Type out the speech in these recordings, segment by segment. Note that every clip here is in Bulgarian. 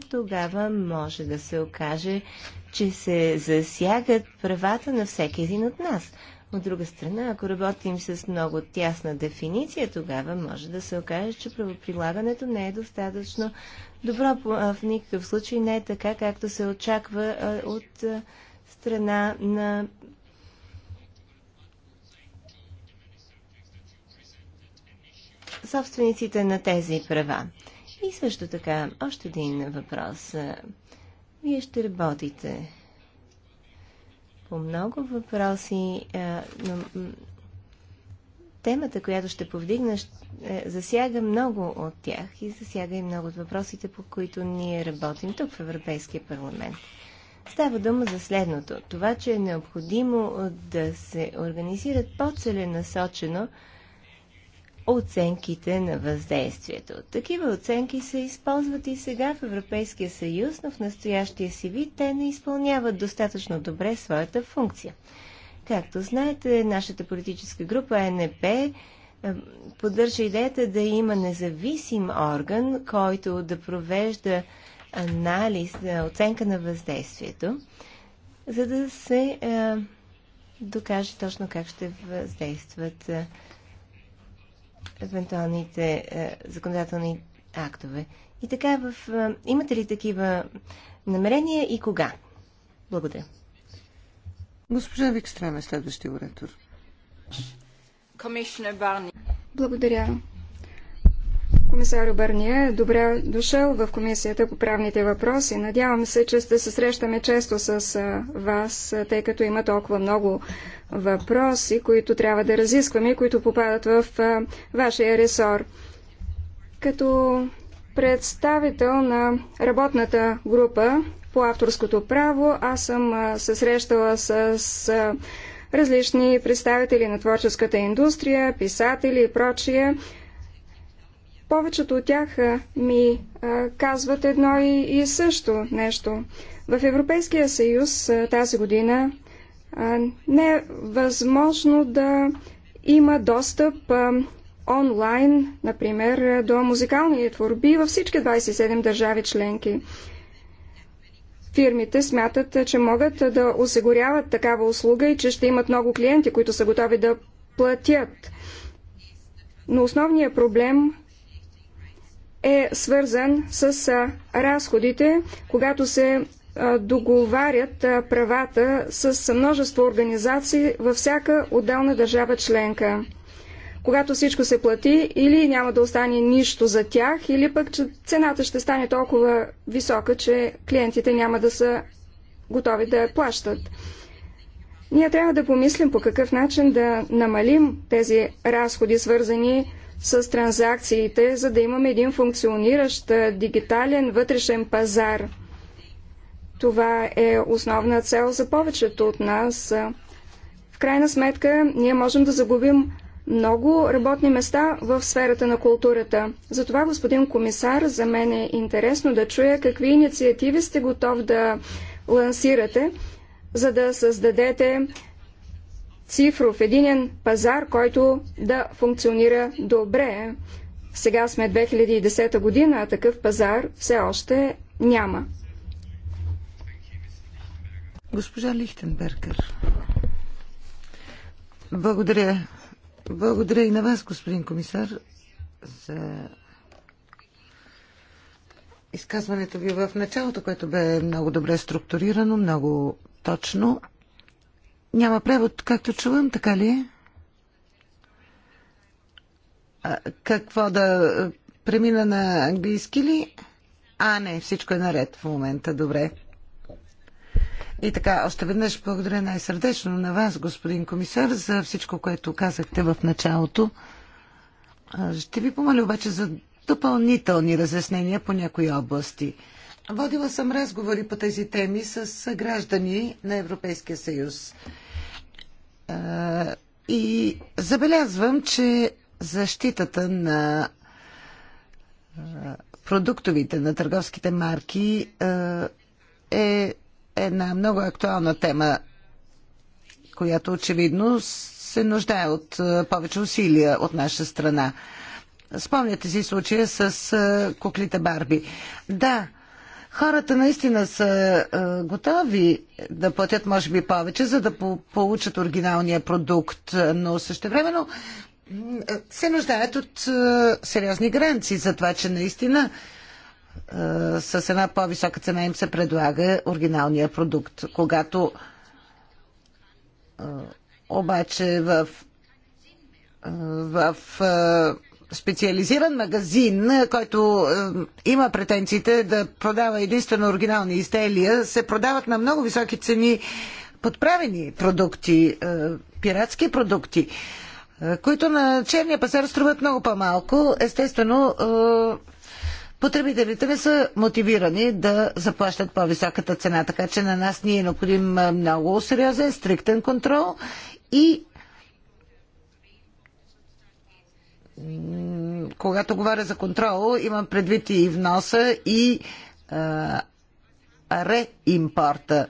тогава може да се окаже, че се засягат правата на всеки един от нас. От друга страна, ако работим с много тясна дефиниция, тогава може да се окаже, че правоприлагането не е достатъчно добро. В никакъв случай не е така, както се очаква от страна на собствениците на тези права. И също така, още един въпрос. Вие ще работите по много въпроси, но темата, която ще повдигна, е, засяга много от тях и засяга и много от въпросите, по които ние работим тук в Европейския парламент. Става дума за следното. Това, че е необходимо да се организират по-целенасочено оценките на въздействието. Такива оценки се използват и сега в Европейския съюз, но в настоящия си вид те не изпълняват достатъчно добре своята функция. Както знаете, нашата политическа група НП е, поддържа идеята да има независим орган, който да провежда анализ, е, оценка на въздействието, за да се е, докаже точно как ще въздействат е, евентуалните е, законодателни актове. И така, в, е, имате ли такива намерения и кога? Благодаря. Госпожа Викстрем е следващия оратор. Благодаря. Комисар Барния, добре дошъл в Комисията по правните въпроси. Надявам се, че ще се срещаме често с е, вас, е, тъй като има толкова много въпроси, които трябва да разискваме и които попадат в а, вашия ресор. Като представител на работната група по авторското право, аз съм а, се срещала с а, различни представители на творческата индустрия, писатели и прочие. Повечето от тях ми казват едно и, и също нещо. В Европейския съюз тази година не е възможно да има достъп онлайн, например, до музикални творби във всички 27 държави членки. Фирмите смятат, че могат да осигуряват такава услуга и че ще имат много клиенти, които са готови да платят. Но основният проблем е свързан с разходите, когато се договарят правата с множество организации във всяка отделна държава членка. Когато всичко се плати, или няма да остане нищо за тях, или пък че цената ще стане толкова висока, че клиентите няма да са готови да я плащат. Ние трябва да помислим по какъв начин да намалим тези разходи, свързани с транзакциите, за да имаме един функциониращ дигитален вътрешен пазар – това е основна цел за повечето от нас. В крайна сметка, ние можем да загубим много работни места в сферата на културата. Затова, господин комисар, за мен е интересно да чуя какви инициативи сте готов да лансирате, за да създадете цифров единен пазар, който да функционира добре. Сега сме 2010 година, а такъв пазар все още няма. Госпожа Лихтенбергер. Благодаря. Благодаря и на вас, господин комисар, за изказването ви в началото, което бе много добре структурирано, много точно. Няма превод, както чувам, така ли е? Какво да премина на английски ли? А, не, всичко е наред в момента, добре. И така, още веднъж благодаря най-сърдечно на вас, господин комисар, за всичко, което казахте в началото. Ще ви помоля обаче за допълнителни разяснения по някои области. Водила съм разговори по тези теми с граждани на Европейския съюз. И забелязвам, че защитата на продуктовите, на търговските марки е една много актуална тема, която очевидно се нуждае от е, повече усилия от наша страна. Спомняте си случая с е, куклите Барби. Да, хората наистина са е, готови да платят, може би, повече, за да получат оригиналния продукт, но същевременно се нуждаят от сериозни гаранции за това, че наистина с една по-висока цена им се предлага оригиналния продукт. Когато обаче в, в специализиран магазин, който има претенциите да продава единствено оригинални изделия, се продават на много високи цени подправени продукти, пиратски продукти, които на черния пазар струват много по-малко. Естествено, потребителите не са мотивирани да заплащат по-високата цена. Така че на нас ни е необходим много сериозен, стриктен контрол и когато говоря за контрол, имам предвид и вноса и а, реимпорта.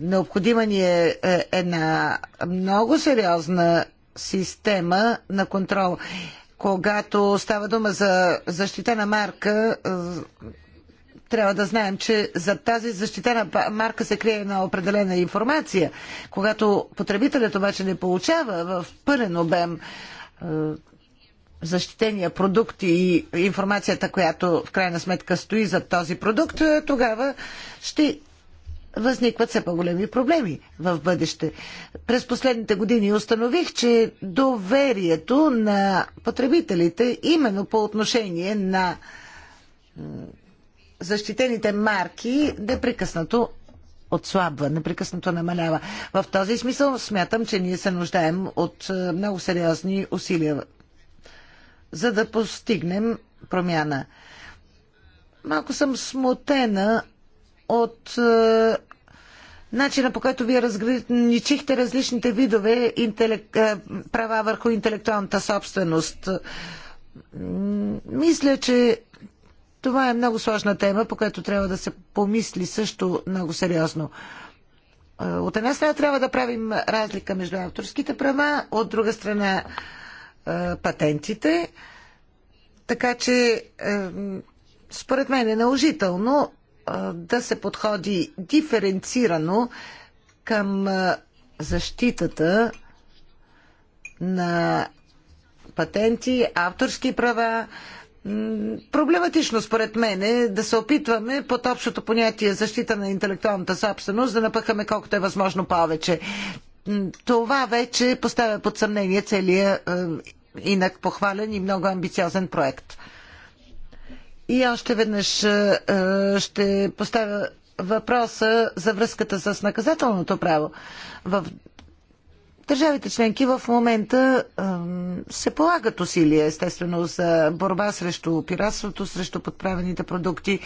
Необходима ни е, е една много сериозна система на контрол когато става дума за защитена марка, е, трябва да знаем, че за тази защитена марка се крие една определена информация. Когато потребителят обаче не получава в пълен обем е, защитения продукт и информацията, която в крайна сметка стои за този продукт, е, тогава ще възникват все по-големи проблеми в бъдеще. През последните години установих, че доверието на потребителите именно по отношение на защитените марки непрекъснато отслабва, непрекъснато намалява. В този смисъл смятам, че ние се нуждаем от е, много сериозни усилия, за да постигнем промяна. Малко съм смутена от е, начина по който вие разграничихте различните видове е, права върху интелектуалната собственост. Мисля, че това е много сложна тема, по която трябва да се помисли също много сериозно. Е, от една страна трябва да правим разлика между авторските права, от друга страна е, патентите. Така че, според мен е наложително да се подходи диференцирано към защитата на патенти, авторски права. Проблематично според мен е да се опитваме под общото понятие защита на интелектуалната собственост да напъхаме колкото е възможно повече. Това вече поставя под съмнение целият инак похвален и много амбициозен проект. И още веднъж е, е, ще поставя въпроса за връзката с наказателното право. В държавите членки в момента е, се полагат усилия, естествено, за борба срещу пиратството, срещу подправените продукти,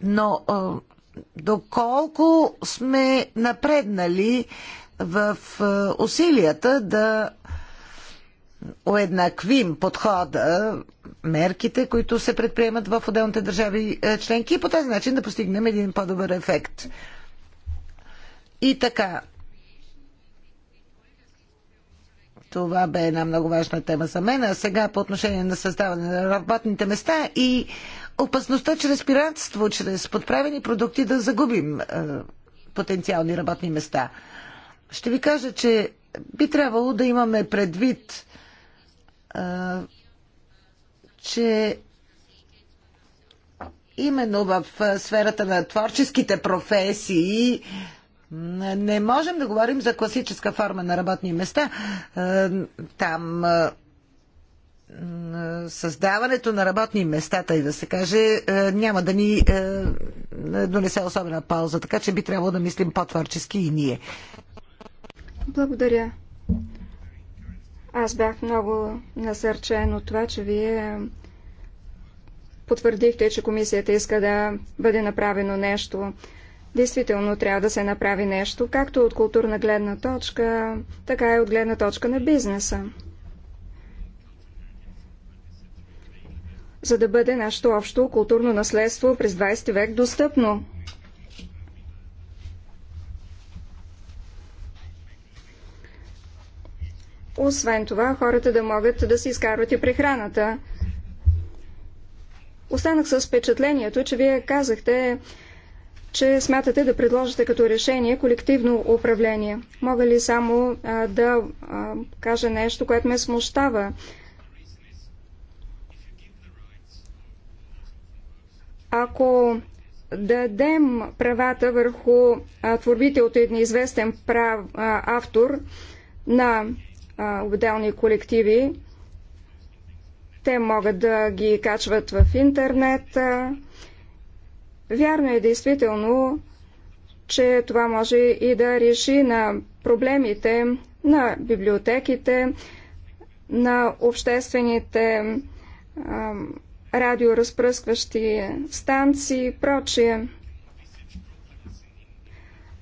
но доколко сме напреднали в усилията да уеднаквим подхода мерките, които се предприемат в отделните държави е, членки и по този начин да постигнем един по-добър ефект. И така, това бе една много важна тема за мен. А сега по отношение на създаване на работните места и опасността чрез пиратство, чрез подправени продукти да загубим е, потенциални работни места. Ще ви кажа, че би трябвало да имаме предвид е, че именно в сферата на творческите професии не можем да говорим за класическа форма на работни места. Там създаването на работни места, и да се каже, няма да ни донесе особена полза, така че би трябвало да мислим по-творчески и ние. Благодаря. Аз бях много насърчен от това, че вие потвърдихте, че комисията иска да бъде направено нещо. Действително трябва да се направи нещо, както от културна гледна точка, така и от гледна точка на бизнеса. За да бъде нашето общо културно наследство през 20 век достъпно Освен това, хората да могат да се изкарват и прехраната. Останах с впечатлението, че вие казахте, че смятате да предложите като решение колективно управление. Мога ли само а, да а, кажа нещо, което ме смущава? Ако дадем правата върху а, творбите от един известен прав, а, автор на отделни колективи. Те могат да ги качват в интернет. Вярно е действително, че това може и да реши на проблемите на библиотеките, на обществените радиоразпръскващи станции и прочие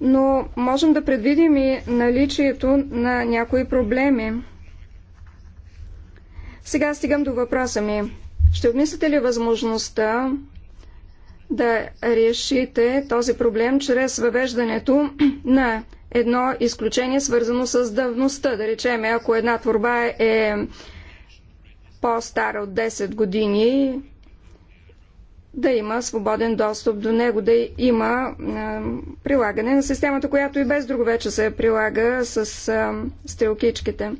но можем да предвидим и наличието на някои проблеми. Сега стигам до въпроса ми. Ще обмислите ли възможността да решите този проблем чрез въвеждането на едно изключение, свързано с давността. Да речем, ако една творба е по-стара от 10 години, да има свободен достъп до него, да има а, прилагане на системата, която и без друго вече се прилага с а, стрелкичките.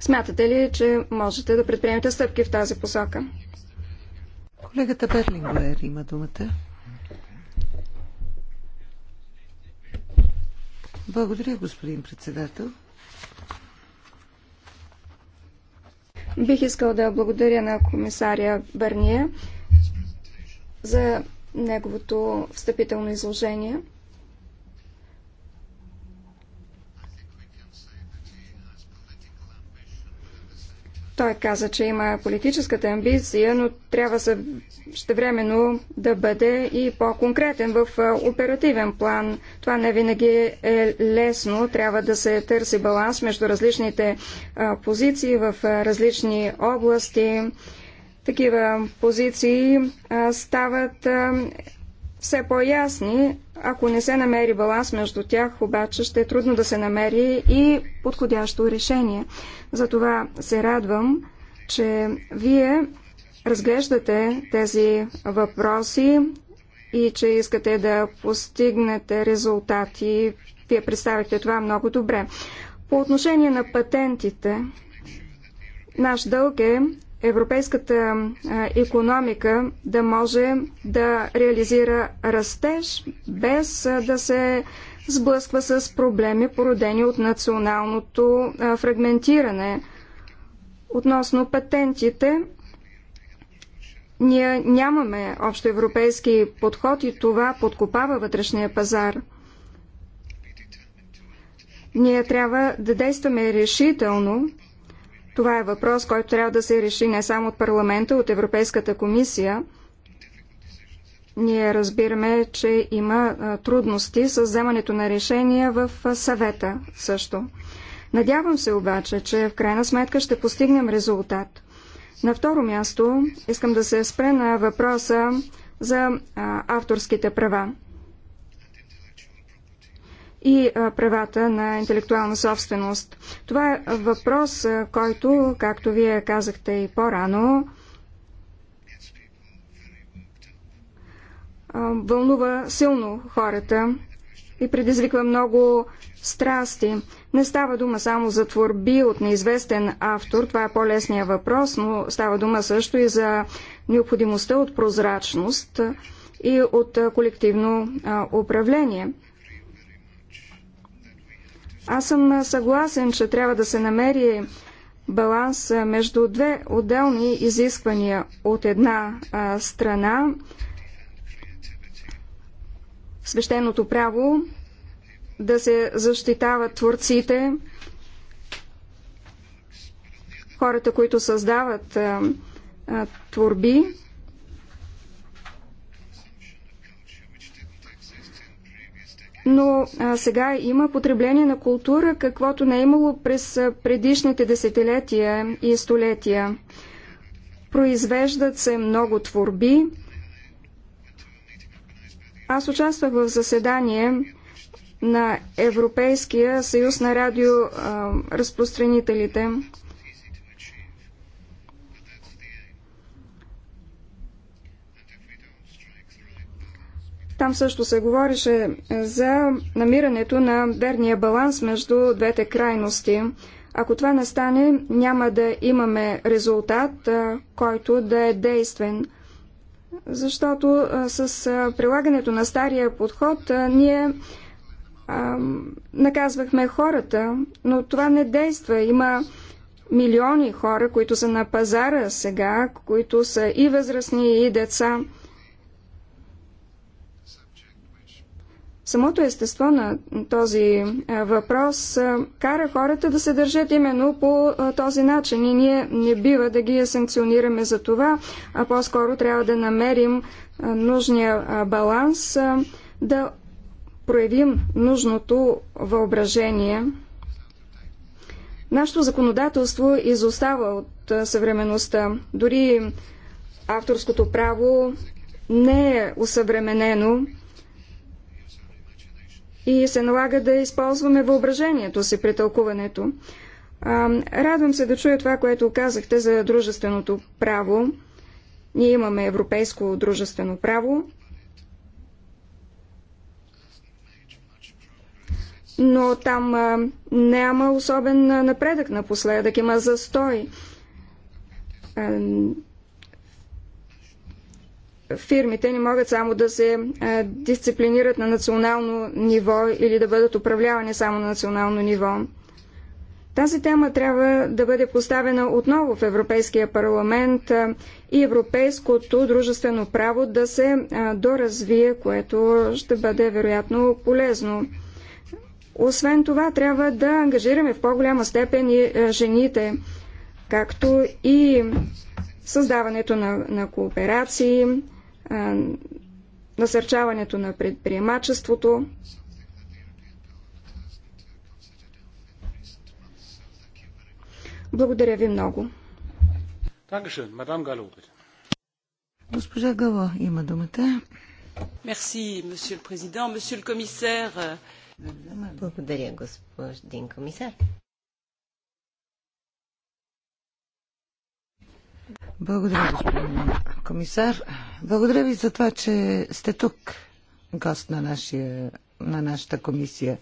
Смятате ли, че можете да предприемете стъпки в тази посока? Колегата Берлингуер има думата. Благодаря, господин председател. Бих искал да благодаря на комисаря Бърния за неговото встъпително изложение. Той каза, че има политическата амбиция, но трябва същевременно да бъде и по-конкретен в оперативен план. Това не винаги е лесно. Трябва да се търси баланс между различните позиции в различни области такива позиции стават все по-ясни. Ако не се намери баланс между тях, обаче ще е трудно да се намери и подходящо решение. Затова се радвам, че вие разглеждате тези въпроси и че искате да постигнете резултати. Вие представихте това много добре. По отношение на патентите, наш дълг е европейската економика да може да реализира растеж, без да се сблъсква с проблеми, породени от националното фрагментиране. Относно патентите, ние нямаме общо европейски подход и това подкопава вътрешния пазар. Ние трябва да действаме решително това е въпрос, който трябва да се реши не само от парламента, от Европейската комисия. Ние разбираме, че има трудности с вземането на решения в съвета също. Надявам се обаче, че в крайна сметка ще постигнем резултат. На второ място искам да се спре на въпроса за авторските права и правата на интелектуална собственост. Това е въпрос, който, както вие казахте и по-рано, вълнува силно хората и предизвиква много страсти. Не става дума само за творби от неизвестен автор, това е по-лесният въпрос, но става дума също и за необходимостта от прозрачност и от колективно управление – аз съм съгласен, че трябва да се намери баланс между две отделни изисквания от една страна свещеното право да се защитават творците, хората, които създават творби, но а, сега има потребление на култура, каквото не е имало през предишните десетилетия и столетия. Произвеждат се много творби. Аз участвах в заседание на Европейския съюз на радиоразпространителите. Там също се говореше е, за намирането на верния баланс между двете крайности. Ако това не стане, няма да имаме резултат, е, който да е действен. Защото е, с прилагането на стария подход ние наказвахме хората, но това не действа. Има милиони хора, които са на пазара сега, които са и възрастни, и деца. Самото естество на този въпрос кара хората да се държат именно по този начин и ние не бива да ги санкционираме за това, а по-скоро трябва да намерим нужния баланс, да проявим нужното въображение. Нашето законодателство изостава от съвременността. Дори авторското право не е усъвременено и се налага да използваме въображението си при тълкуването. Радвам се да чуя това, което казахте за дружественото право. Ние имаме европейско дружествено право, но там а, няма особен напредък напоследък, има застой. А, фирмите не могат само да се дисциплинират на национално ниво или да бъдат управлявани само на национално ниво. Тази тема трябва да бъде поставена отново в Европейския парламент и европейското дружествено право да се доразвие, което ще бъде вероятно полезно. Освен това, трябва да ангажираме в по-голяма степен и жените, както и създаването на, на кооперации, насърчаването на предприемачеството. Благодаря ви много. Госпожа Гало има думата. Мерси, месье президент, месье комисар. Благодаря, господин комисар. Благодаря, господин комисар. Благодаря ви за това, че сте тук, гост на, нашия, на нашата комисия.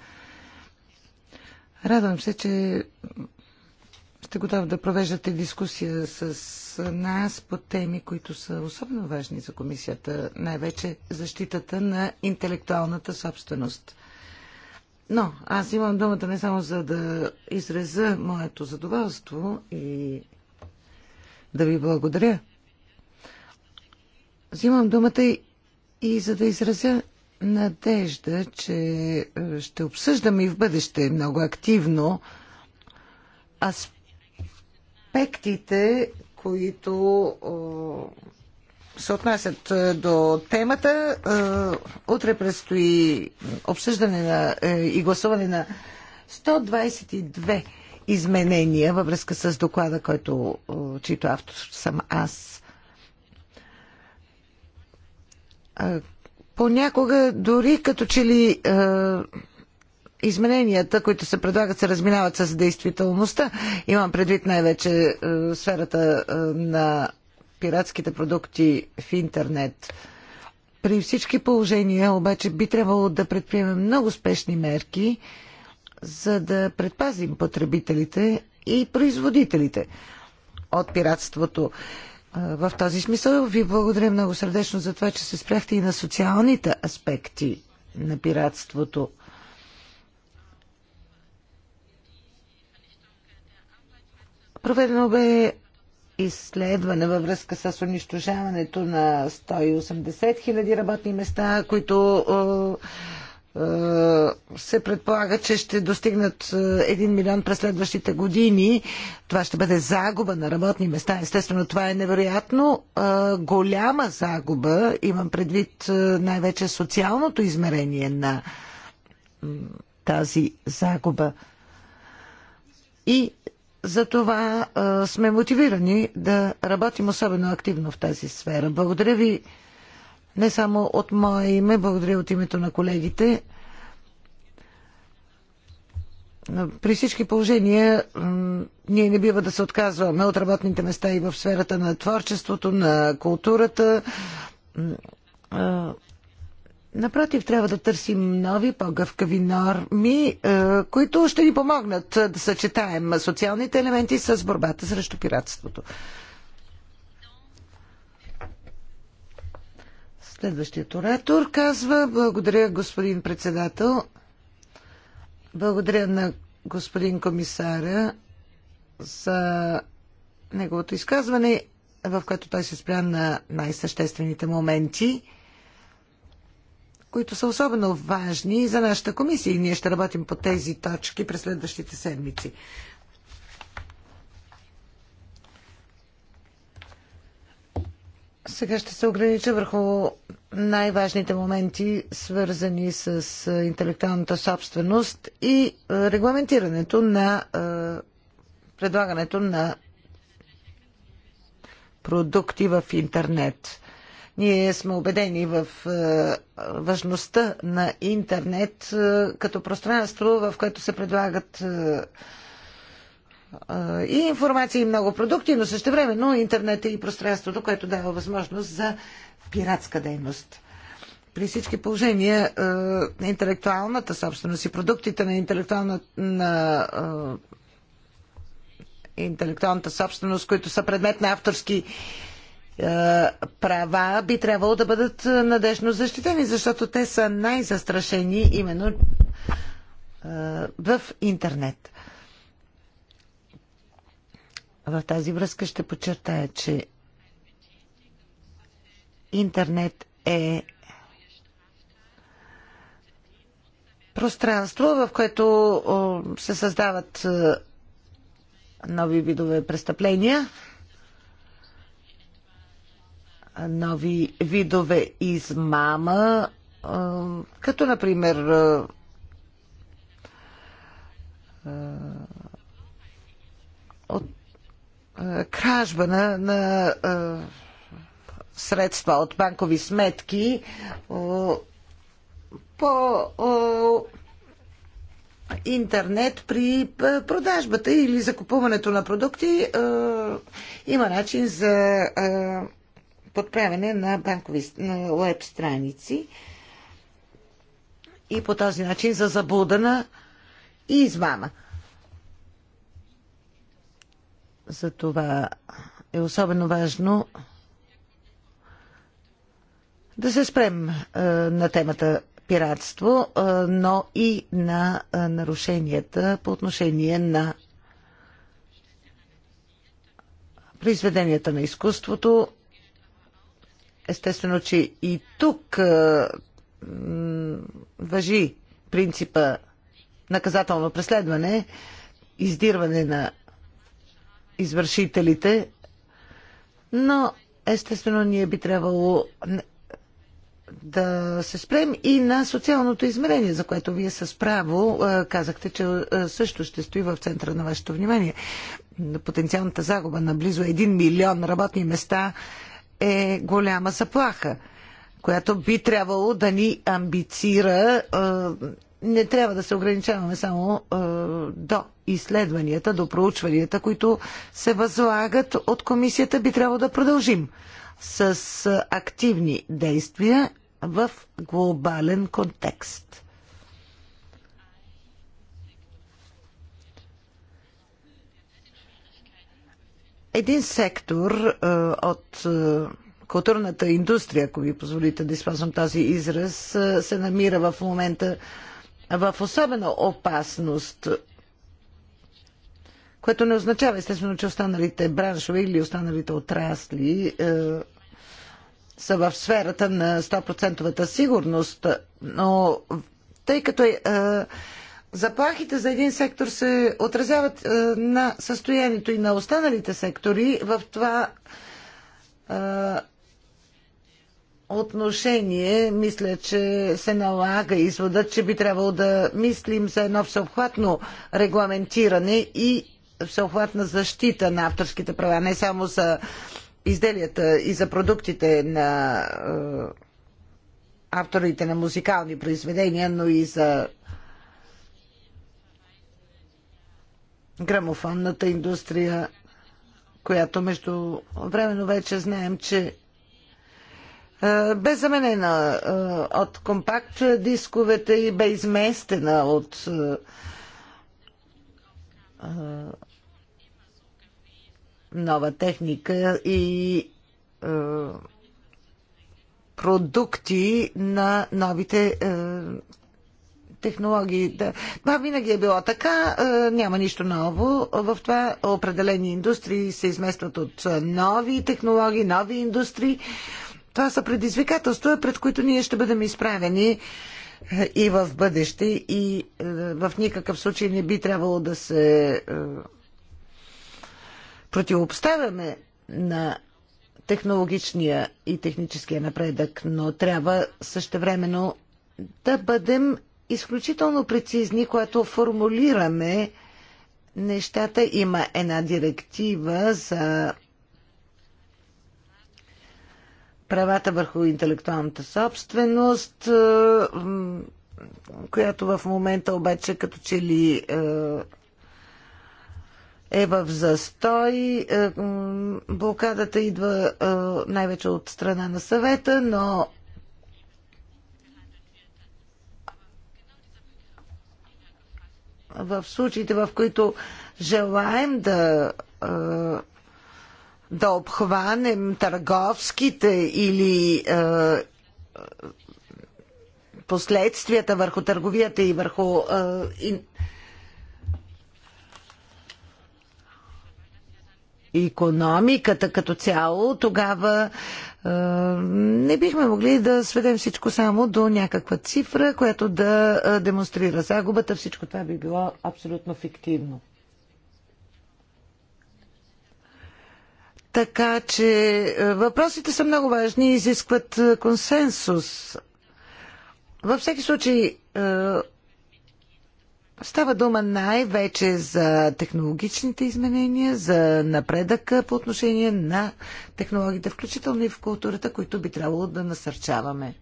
Радвам се, че сте готов да провеждате дискусия с нас по теми, които са особено важни за комисията, най-вече защитата на интелектуалната собственост. Но аз имам думата не само за да изреза моето задоволство и да ви благодаря. Взимам думата и, и за да изразя надежда, че е, ще обсъждаме и в бъдеще много активно аспектите, които е, се отнасят е, до темата. Утре предстои обсъждане на, и гласуване на 122 изменения във връзка с доклада, който, е, чийто автор съм аз. Понякога дори като че ли е, измененията, които се предлагат, се разминават с действителността. Имам предвид най-вече е, сферата на пиратските продукти в интернет. При всички положения обаче би трябвало да предприемем много спешни мерки, за да предпазим потребителите и производителите от пиратството. В този смисъл ви благодаря много сърдечно за това, че се спряхте и на социалните аспекти на пиратството. Проведено бе изследване във връзка с унищожаването на 180 хиляди работни места, които е, се предполага, че ще достигнат 1 е, милион през следващите години. Това ще бъде загуба на работни места. Естествено, това е невероятно е, голяма загуба. Имам предвид най-вече социалното измерение на тази загуба. И за това сме мотивирани да работим особено активно в тази сфера. Благодаря ви не само от мое име, благодаря от името на колегите. При всички положения ние не бива да се отказваме от работните места и в сферата на творчеството, на културата. Напротив, трябва да търсим нови, по-гъвкави норми, които ще ни помогнат да съчетаем социалните елементи с борбата срещу пиратството. Следващият оратор казва благодаря господин председател. Благодаря на господин комисаря за неговото изказване, в което той се спря на най-съществените моменти, които са особено важни за нашата комисия и ние ще работим по тези точки през следващите седмици. Сега ще се огранича върху най-важните моменти, свързани с интелектуалната собственост и регламентирането на предлагането на продукти в интернет. Ние сме убедени в важността на интернет като пространство, в което се предлагат и информация и много продукти, но също време, но интернет е и пространството, което дава възможност за пиратска дейност. При всички положения интелектуалната собственост и продуктите на интелектуална, на, интелектуалната собственост, които са предмет на авторски права би трябвало да бъдат надежно защитени, защото те са най-застрашени именно в интернет. В тази връзка ще подчертая, че интернет е пространство, в което се създават е, нови видове престъпления, нови видове измама, е, като например е, е, кражба на, на е, средства от банкови сметки е, по интернет при продажбата или закупуването на продукти има начин за подправяне на банкови веб страници и по този начин за заблуда на и измама. За това е особено важно да се спрем е, на темата пиратство, е, но и на е, нарушенията по отношение на произведенията на изкуството. Естествено, че и тук въжи принципа наказателно преследване, издирване на извършителите, но естествено ние би трябвало да се спрем и на социалното измерение, за което вие с право казахте, че също ще стои в центъра на вашето внимание. Потенциалната загуба на близо 1 милион работни места е голяма заплаха, която би трябвало да ни амбицира не трябва да се ограничаваме само е, до изследванията, до проучванията, които се възлагат от комисията. Би трябвало да продължим с е, активни действия в глобален контекст. Един сектор е, от е, културната индустрия, ако ви позволите да използвам този израз, е, се намира в момента е, в особена опасност, което не означава естествено, че останалите браншове или останалите отрасли е, са в сферата на 100 сигурност, но тъй като е, заплахите за един сектор се отразяват е, на състоянието и на останалите сектори, в това е, отношение, мисля, че се налага извода, че би трябвало да мислим за едно всеобхватно регламентиране и всеобхватна защита на авторските права, не само за изделията и за продуктите на е, авторите на музикални произведения, но и за грамофонната индустрия, която между времено вече знаем, че бе заменена от компакт дисковете и бе изместена от нова техника и продукти на новите технологии. Това винаги е било така, няма нищо ново. В това определени индустрии се изместват от нови технологии, нови индустрии. Това са предизвикателства, пред които ние ще бъдем изправени е, и в бъдеще и е, в никакъв случай не би трябвало да се е, противопоставяме на технологичния и техническия напредък, но трябва същевременно да бъдем изключително прецизни, когато формулираме нещата. Има една директива за правата върху интелектуалната собственост, е, която в момента обаче като че ли е, е в застой. Е, блокадата идва най-вече от страна на съвета, но в случаите, в които желаем да да обхванем търговските или е, последствията върху търговията и върху е, и, економиката като цяло, тогава е, не бихме могли да сведем всичко само до някаква цифра, която да е, демонстрира загубата. Всичко това би било абсолютно фиктивно. Така че е, въпросите са много важни и изискват е, консенсус. Във всеки случай е, става дума най-вече за технологичните изменения, за напредъка по отношение на технологиите, включително и в културата, които би трябвало да насърчаваме.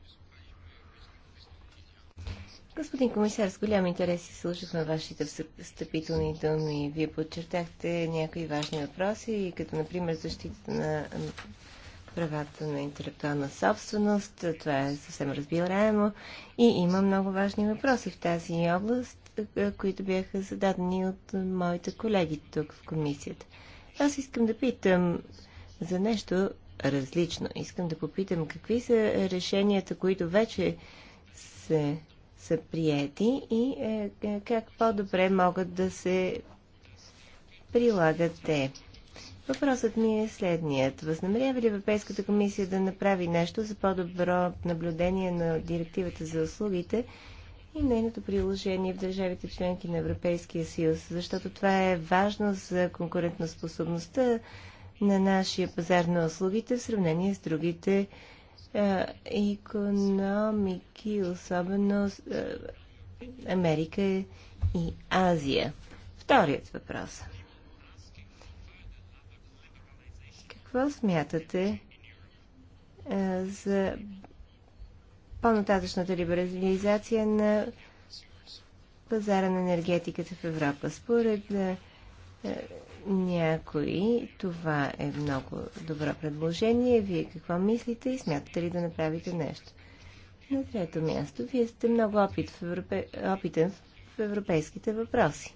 Господин комисар, с голям интерес и слушахме вашите встъпителни думи. Вие подчертахте някои важни въпроси, като например защита на правата на интелектуална собственост. Това е съвсем разбираемо. И има много важни въпроси в тази област, които бяха зададени от моите колеги тук в комисията. Аз искам да питам за нещо различно. Искам да попитам какви са решенията, които вече се са приети и е, е, как по-добре могат да се прилагат те. Въпросът ми е следният. Възнамерява ли Европейската комисия да направи нещо за по-добро наблюдение на директивата за услугите и нейното приложение в държавите членки на Европейския съюз? Защото това е важно за конкурентоспособността на нашия пазар на услугите в сравнение с другите економики, особено е, Америка и Азия. Вторият въпрос. Какво смятате е, за по-нататъчната либерализация на пазара на енергетиката в Европа? Според е, някои, това е много добро предложение. Вие какво мислите и смятате ли да направите нещо? На трето място, вие сте много опит в европе... опитен в европейските въпроси.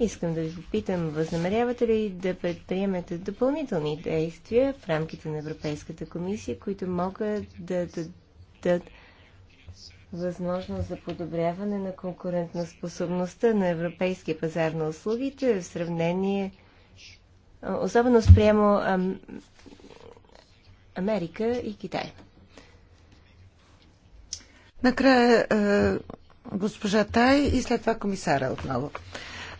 Искам да ви попитам, възнамерявате ли да предприемете допълнителни действия в рамките на Европейската комисия, които могат да дадат възможност за подобряване на конкурентноспособността на европейския пазар на услугите в сравнение, особено спрямо ам, Америка и Китай. Накрая е, госпожа Тай и след това комисара отново.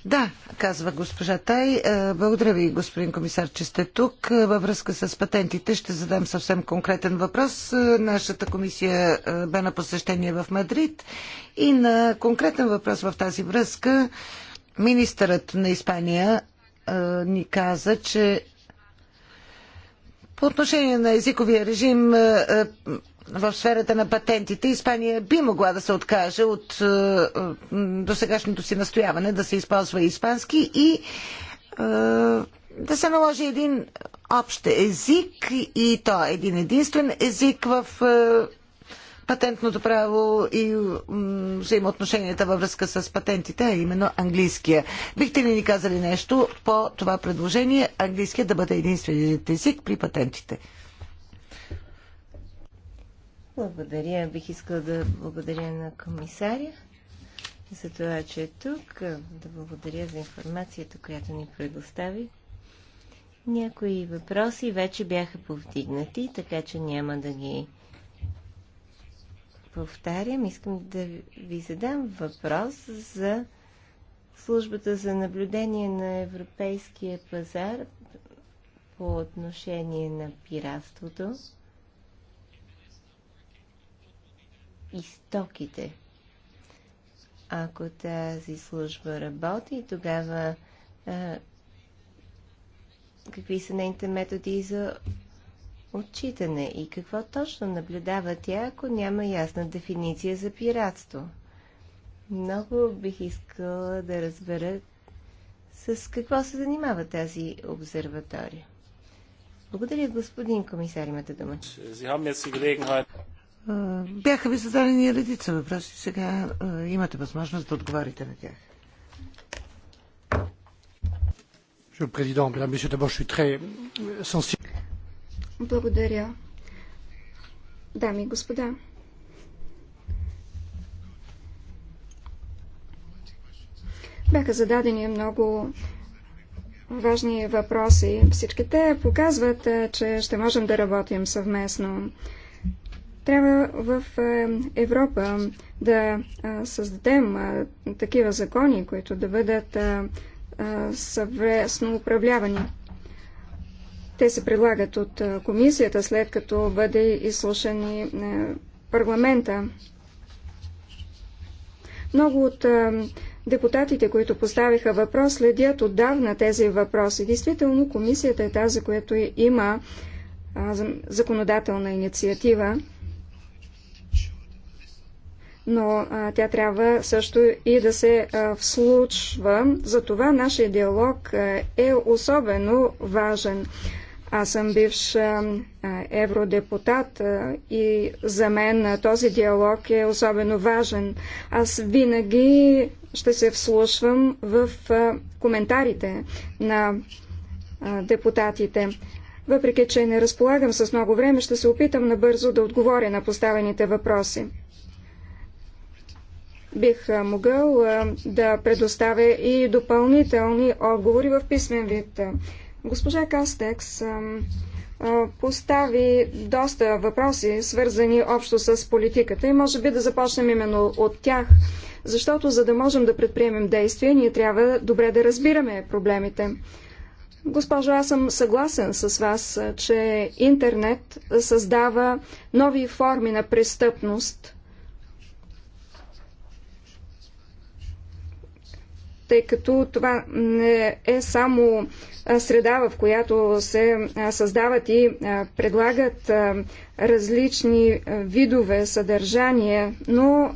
Да, казва госпожа Тай. Е, благодаря ви, господин комисар, че сте тук. Е, във връзка с патентите ще задам съвсем конкретен въпрос. Е, нашата комисия бе на посещение в Мадрид и на конкретен въпрос в тази връзка министърът на Испания ни каза, че по отношение на езиковия режим е, е, в сферата на патентите, Испания би могла да се откаже от е, досегашното си настояване да се използва испански и да се наложи един общ език и то един единствен език в патентното право и взаимоотношенията във връзка с патентите, а именно английския. Бихте ли ни казали нещо по това предложение английския да бъде единственият език при патентите? Благодаря. Бих искала да благодаря на комисаря за това, че е тук. Да благодаря за информацията, която ни предостави. Някои въпроси вече бяха повдигнати, така че няма да ги повтарям, искам да ви задам въпрос за службата за наблюдение на европейския пазар по отношение на пиратството и стоките. Ако тази служба работи, тогава а, какви са нейните методи за отчитане и какво точно наблюдава тя, ако няма ясна дефиниция за пиратство. Много бих искала да разбера с какво се занимава тази обсерватория. Благодаря, господин комисар, имате дума. Е, е, бяха ви зададени редица въпроси. Сега е, имате възможност да отговорите на тях. Monsieur le Président, Mesdames, Messieurs, d'abord, je suis très euh, sensible. Благодаря. Дами и господа, бяха зададени много важни въпроси. Всички те показват, е, че ще можем да работим съвместно. Трябва в е, Европа да е, създадем такива закони, които да бъдат съвместно управлявани. Те се предлагат от комисията, след като бъде изслушани парламента. Много от депутатите, които поставиха въпрос, следят отдавна тези въпроси. Действително, комисията е тази, която има законодателна инициатива, но тя трябва също и да се вслучва. Затова нашия диалог е особено важен. Аз съм бивш евродепутат и за мен този диалог е особено важен. Аз винаги ще се вслушвам в коментарите на депутатите. Въпреки, че не разполагам с много време, ще се опитам набързо да отговоря на поставените въпроси. Бих могъл да предоставя и допълнителни отговори в писмен вид. Госпожа Кастекс постави доста въпроси, свързани общо с политиката и може би да започнем именно от тях, защото за да можем да предприемем действия, ние трябва добре да разбираме проблемите. Госпожо, аз съм съгласен с вас, че интернет създава нови форми на престъпност – тъй като това не е само среда, в която се създават и предлагат различни видове съдържание, но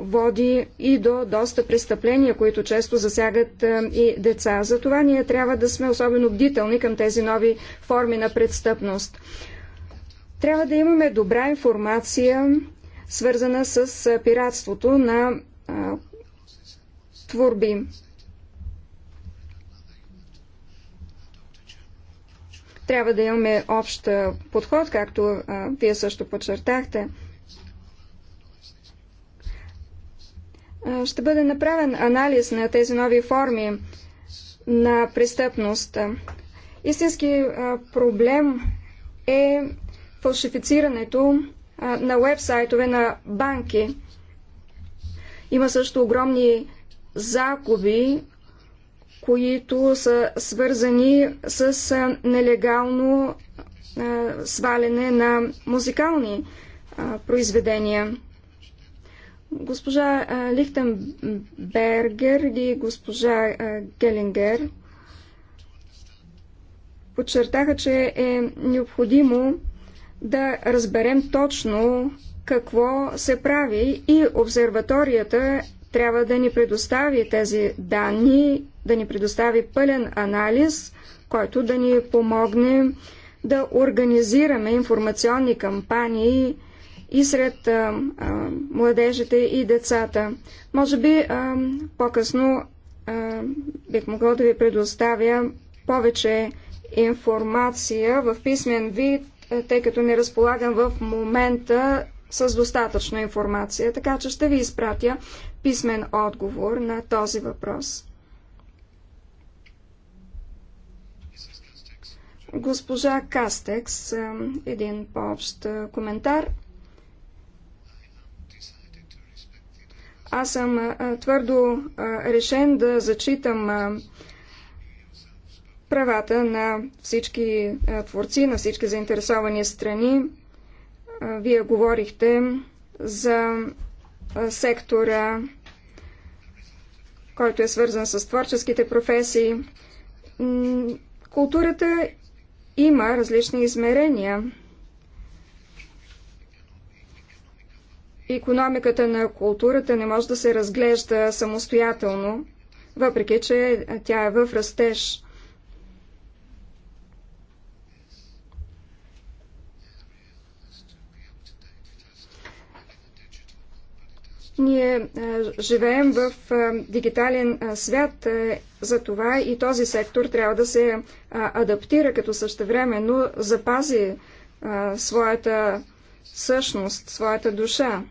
води и до доста престъпления, които често засягат и деца. Затова ние трябва да сме особено бдителни към тези нови форми на престъпност. Трябва да имаме добра информация, свързана с пиратството на творби. Трябва да имаме общ подход, както а, вие също подчертахте. А, ще бъде направен анализ на тези нови форми на престъпност. Истински а, проблем е фалшифицирането на вебсайтове на банки. Има също огромни загуби, които са свързани с нелегално сваляне на музикални произведения. Госпожа Лихтенбергер и госпожа Гелингер подчертаха, че е необходимо да разберем точно какво се прави и обсерваторията трябва да ни предостави тези данни, да ни предостави пълен анализ, който да ни помогне да организираме информационни кампании и сред а, а, младежите и децата. Може би по-късно бих могъл да ви предоставя повече информация в писмен вид, тъй като не разполагам в момента с достатъчно информация, така че ще ви изпратя писмен отговор на този въпрос. Госпожа Кастекс, един по-общ коментар. Аз съм твърдо решен да зачитам правата на всички творци, на всички заинтересовани страни. Вие говорихте за сектора, който е свързан с творческите професии. Културата има различни измерения. Економиката на културата не може да се разглежда самостоятелно, въпреки че тя е в растеж. Ние е, живеем в е, дигитален е, свят, за това и този сектор трябва да се адаптира, като същевременно запази своята същност, своята душа.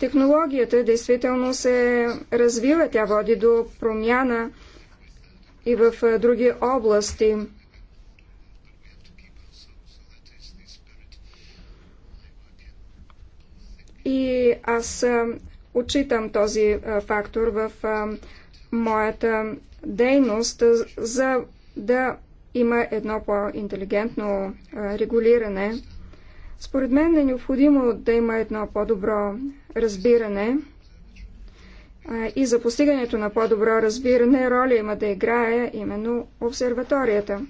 Технологията действително се развива, тя води до промяна и в други области – И аз отчитам този фактор в моята дейност, за да има едно по-интелигентно регулиране. Според мен е необходимо да има едно по-добро разбиране и за постигането на по-добро разбиране роля има да играе именно обсерваторията.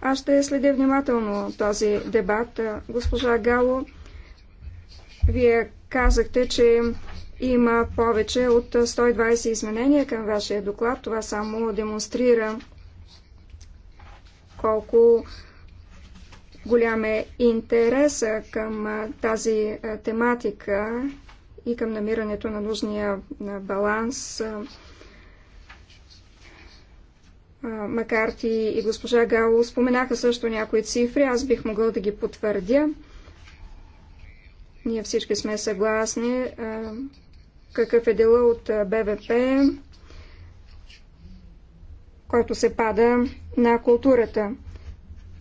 Аз ще следя внимателно този дебат. Госпожа Гало вие казахте, че има повече от 120 изменения към вашия доклад. Това само демонстрира колко голям е интереса към тази тематика и към намирането на нужния баланс. Макарти и госпожа Гало споменаха също някои цифри, аз бих могъл да ги потвърдя. Ние всички сме съгласни какъв е дела от БВП, който се пада на културата.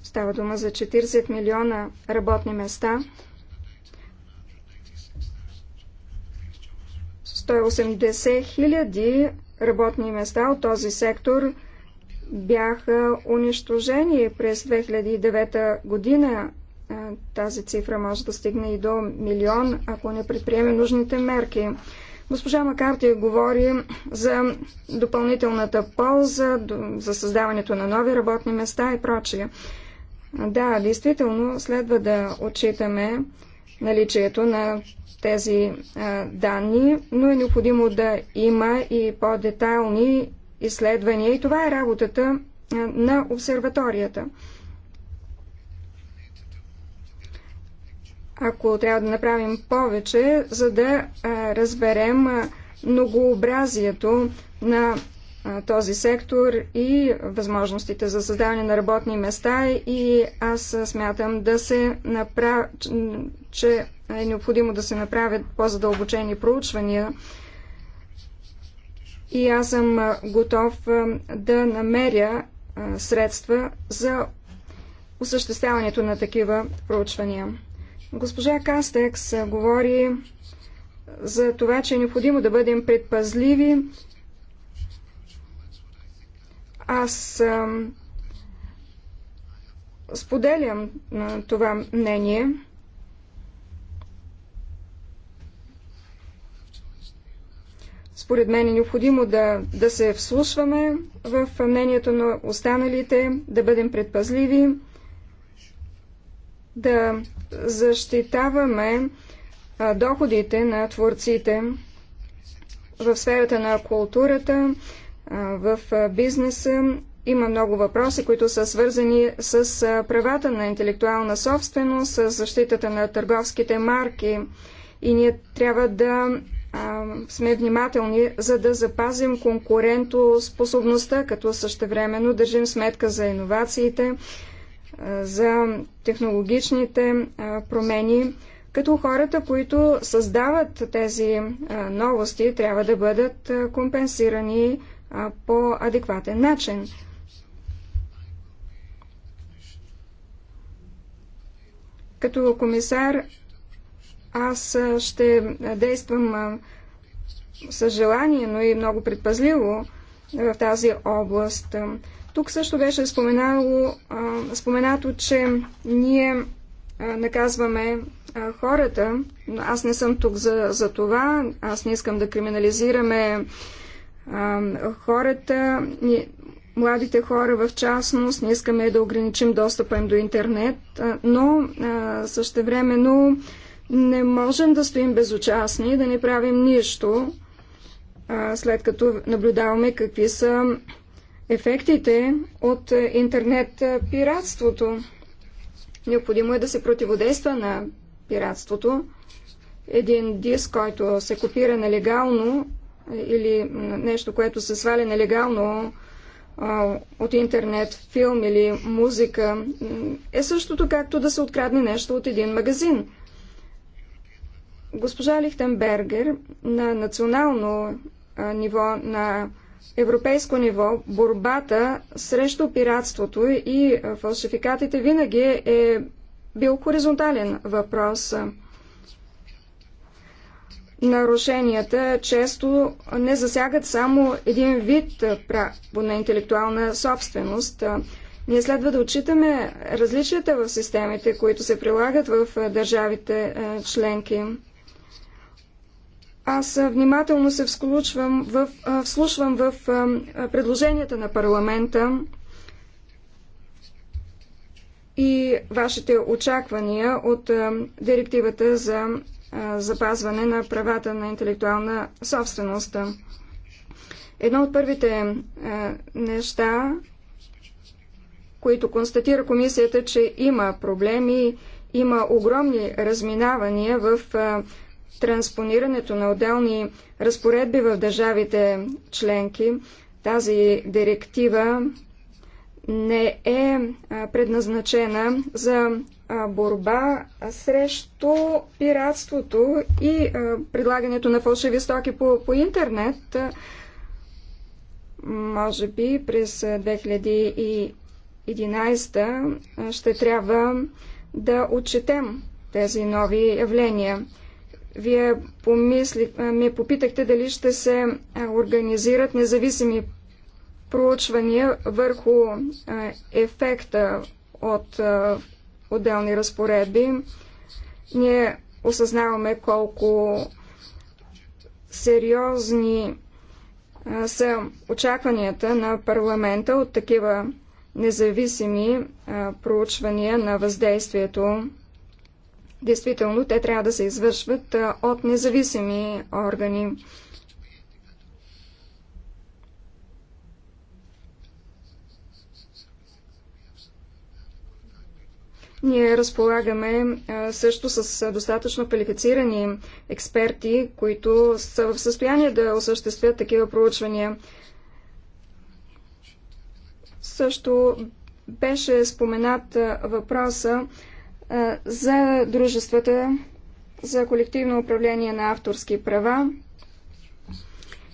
Става дума за 40 милиона работни места. 180 хиляди работни места от този сектор бяха унищожени през 2009 година тази цифра може да стигне и до милион, ако не предприеме нужните мерки. Госпожа Макарти говори за допълнителната полза, за създаването на нови работни места и прочие. Да, действително следва да отчитаме наличието на тези а, данни, но е необходимо да има и по-детайлни изследвания и това е работата а, на обсерваторията. ако трябва да направим повече, за да разберем многообразието на този сектор и възможностите за създаване на работни места и аз смятам да се направ... че е необходимо да се направят по-задълбочени проучвания и аз съм готов да намеря средства за осъществяването на такива проучвания. Госпожа Кастекс говори за това, че е необходимо да бъдем предпазливи. Аз ам, споделям а, това мнение. Според мен е необходимо да, да се вслушваме в мнението на останалите, да бъдем предпазливи да защитаваме доходите на творците в сферата на културата, в бизнеса. Има много въпроси, които са свързани с правата на интелектуална собственост, с защитата на търговските марки. И ние трябва да сме внимателни, за да запазим конкурентоспособността, като същевременно държим сметка за иновациите, за технологичните промени, като хората, които създават тези новости, трябва да бъдат компенсирани по адекватен начин. Като комисар аз ще действам с желание, но и много предпазливо в тази област. Тук също беше споменало, споменато, че ние наказваме хората. Аз не съм тук за, за това. Аз не искам да криминализираме а, хората, ни, младите хора в частност. Не искаме да ограничим достъпа им до интернет, а, но а, същевременно не можем да стоим безучастни и да не правим нищо, а, след като наблюдаваме какви са ефектите от е, интернет е, пиратството. Необходимо е да се противодейства на пиратството. Един диск, който се копира нелегално е, или нещо, което се сваля нелегално от интернет, филм или музика, е същото както да се открадне нещо от един магазин. Госпожа Лихтенбергер на национално ниво на европейско ниво борбата срещу пиратството и фалшификатите винаги е бил хоризонтален въпрос. Нарушенията често не засягат само един вид право на интелектуална собственост. Ние следва да отчитаме различията в системите, които се прилагат в държавите членки. Аз внимателно се вслушвам в, вслушвам в предложенията на парламента и вашите очаквания от директивата за запазване на правата на интелектуална собственост. Едно от първите неща, които констатира комисията, че има проблеми, има огромни разминавания в транспонирането на отделни разпоредби в държавите членки, тази директива не е предназначена за борба срещу пиратството и предлагането на фалшиви стоки по, по интернет. Може би през 2011 ще трябва да отчетем тези нови явления. Вие помисли, ми попитахте дали ще се организират независими проучвания върху ефекта от отделни разпоредби. Ние осъзнаваме колко сериозни са очакванията на парламента от такива независими проучвания на въздействието Действително, те трябва да се извършват от независими органи. Ние разполагаме също с достатъчно квалифицирани експерти, които са в състояние да осъществят такива проучвания. Също беше споменат въпроса за дружествата за колективно управление на авторски права.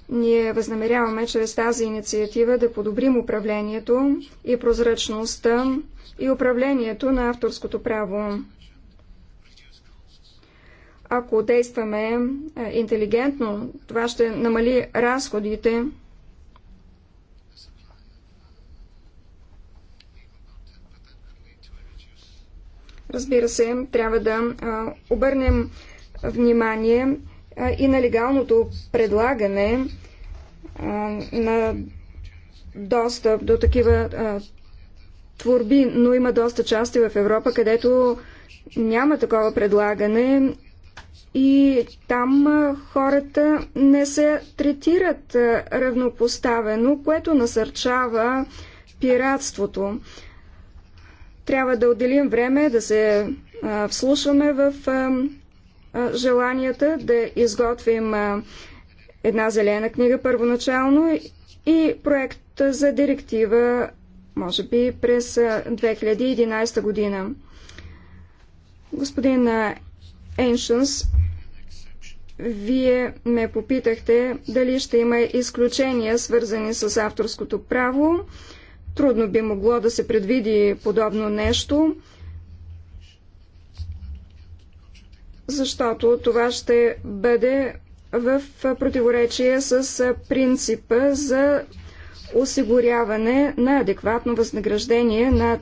Ние възнамеряваме чрез тази инициатива да подобрим управлението и прозрачността и управлението на авторското право. Ако действаме интелигентно, това ще намали разходите Разбира се, трябва да обърнем внимание и на легалното предлагане на достъп до такива творби, но има доста части в Европа, където няма такова предлагане и там хората не се третират равнопоставено, което насърчава пиратството. Трябва да отделим време да се вслушваме в желанията да изготвим една зелена книга първоначално и проект за директива, може би през 2011 година. Господин Еншънс, вие ме попитахте дали ще има изключения, свързани с авторското право. Трудно би могло да се предвиди подобно нещо, защото това ще бъде в противоречие с принципа за осигуряване на адекватно възнаграждение на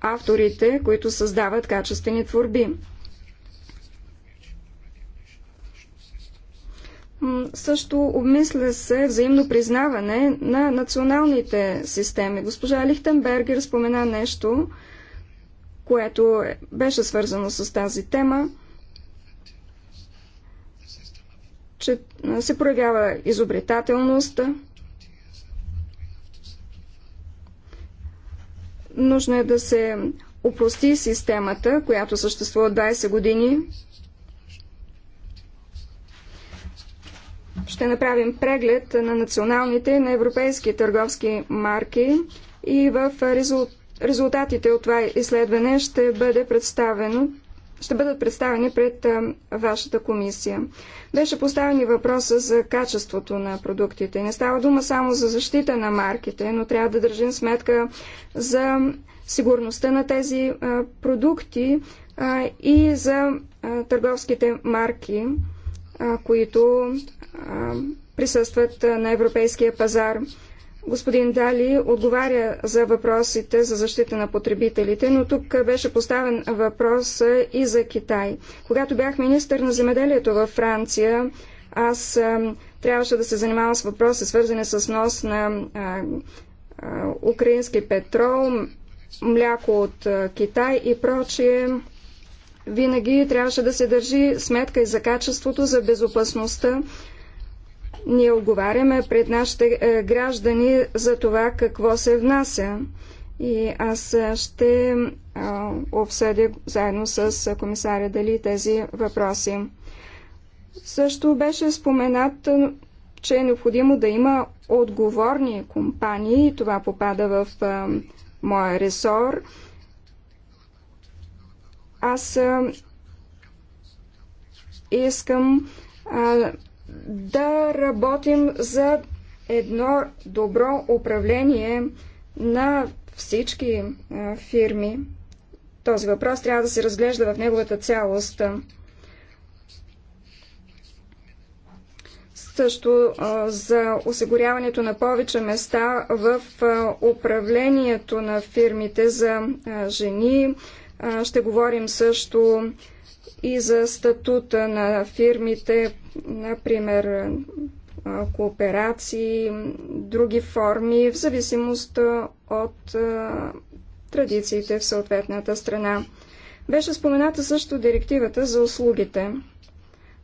авторите, които създават качествени творби. Също обмисля се взаимно признаване на националните системи. Госпожа Лихтенбергер спомена нещо, което беше свързано с тази тема, че се проявява изобретателност. Нужно е да се упрости системата, която съществува 20 години ще направим преглед на националните и на европейски търговски марки и в резултатите от това изследване ще, бъде представено, ще бъдат представени пред вашата комисия. Беше поставен и въпроса за качеството на продуктите. Не става дума само за защита на марките, но трябва да държим сметка за сигурността на тези продукти и за търговските марки които присъстват на европейския пазар. Господин Дали отговаря за въпросите за защита на потребителите, но тук беше поставен въпрос и за Китай. Когато бях министър на земеделието във Франция, аз трябваше да се занимавам с въпроси, свързани с нос на а, а, украински петрол, мляко от а, Китай и прочие винаги трябваше да се държи сметка и за качеството, за безопасността. Ние оговаряме пред нашите е, граждани за това какво се внася. И аз е, ще е, обсъдя заедно с комисаря дали тези въпроси. Също беше споменат, че е необходимо да има отговорни компании. Това попада в моя ресор. Аз искам а, да работим за едно добро управление на всички а, фирми. Този въпрос трябва да се разглежда в неговата цялост. Също а, за осигуряването на повече места в а, управлението на фирмите за а, жени, ще говорим също и за статута на фирмите, например кооперации, други форми, в зависимост от традициите в съответната страна. Беше спомената също директивата за услугите.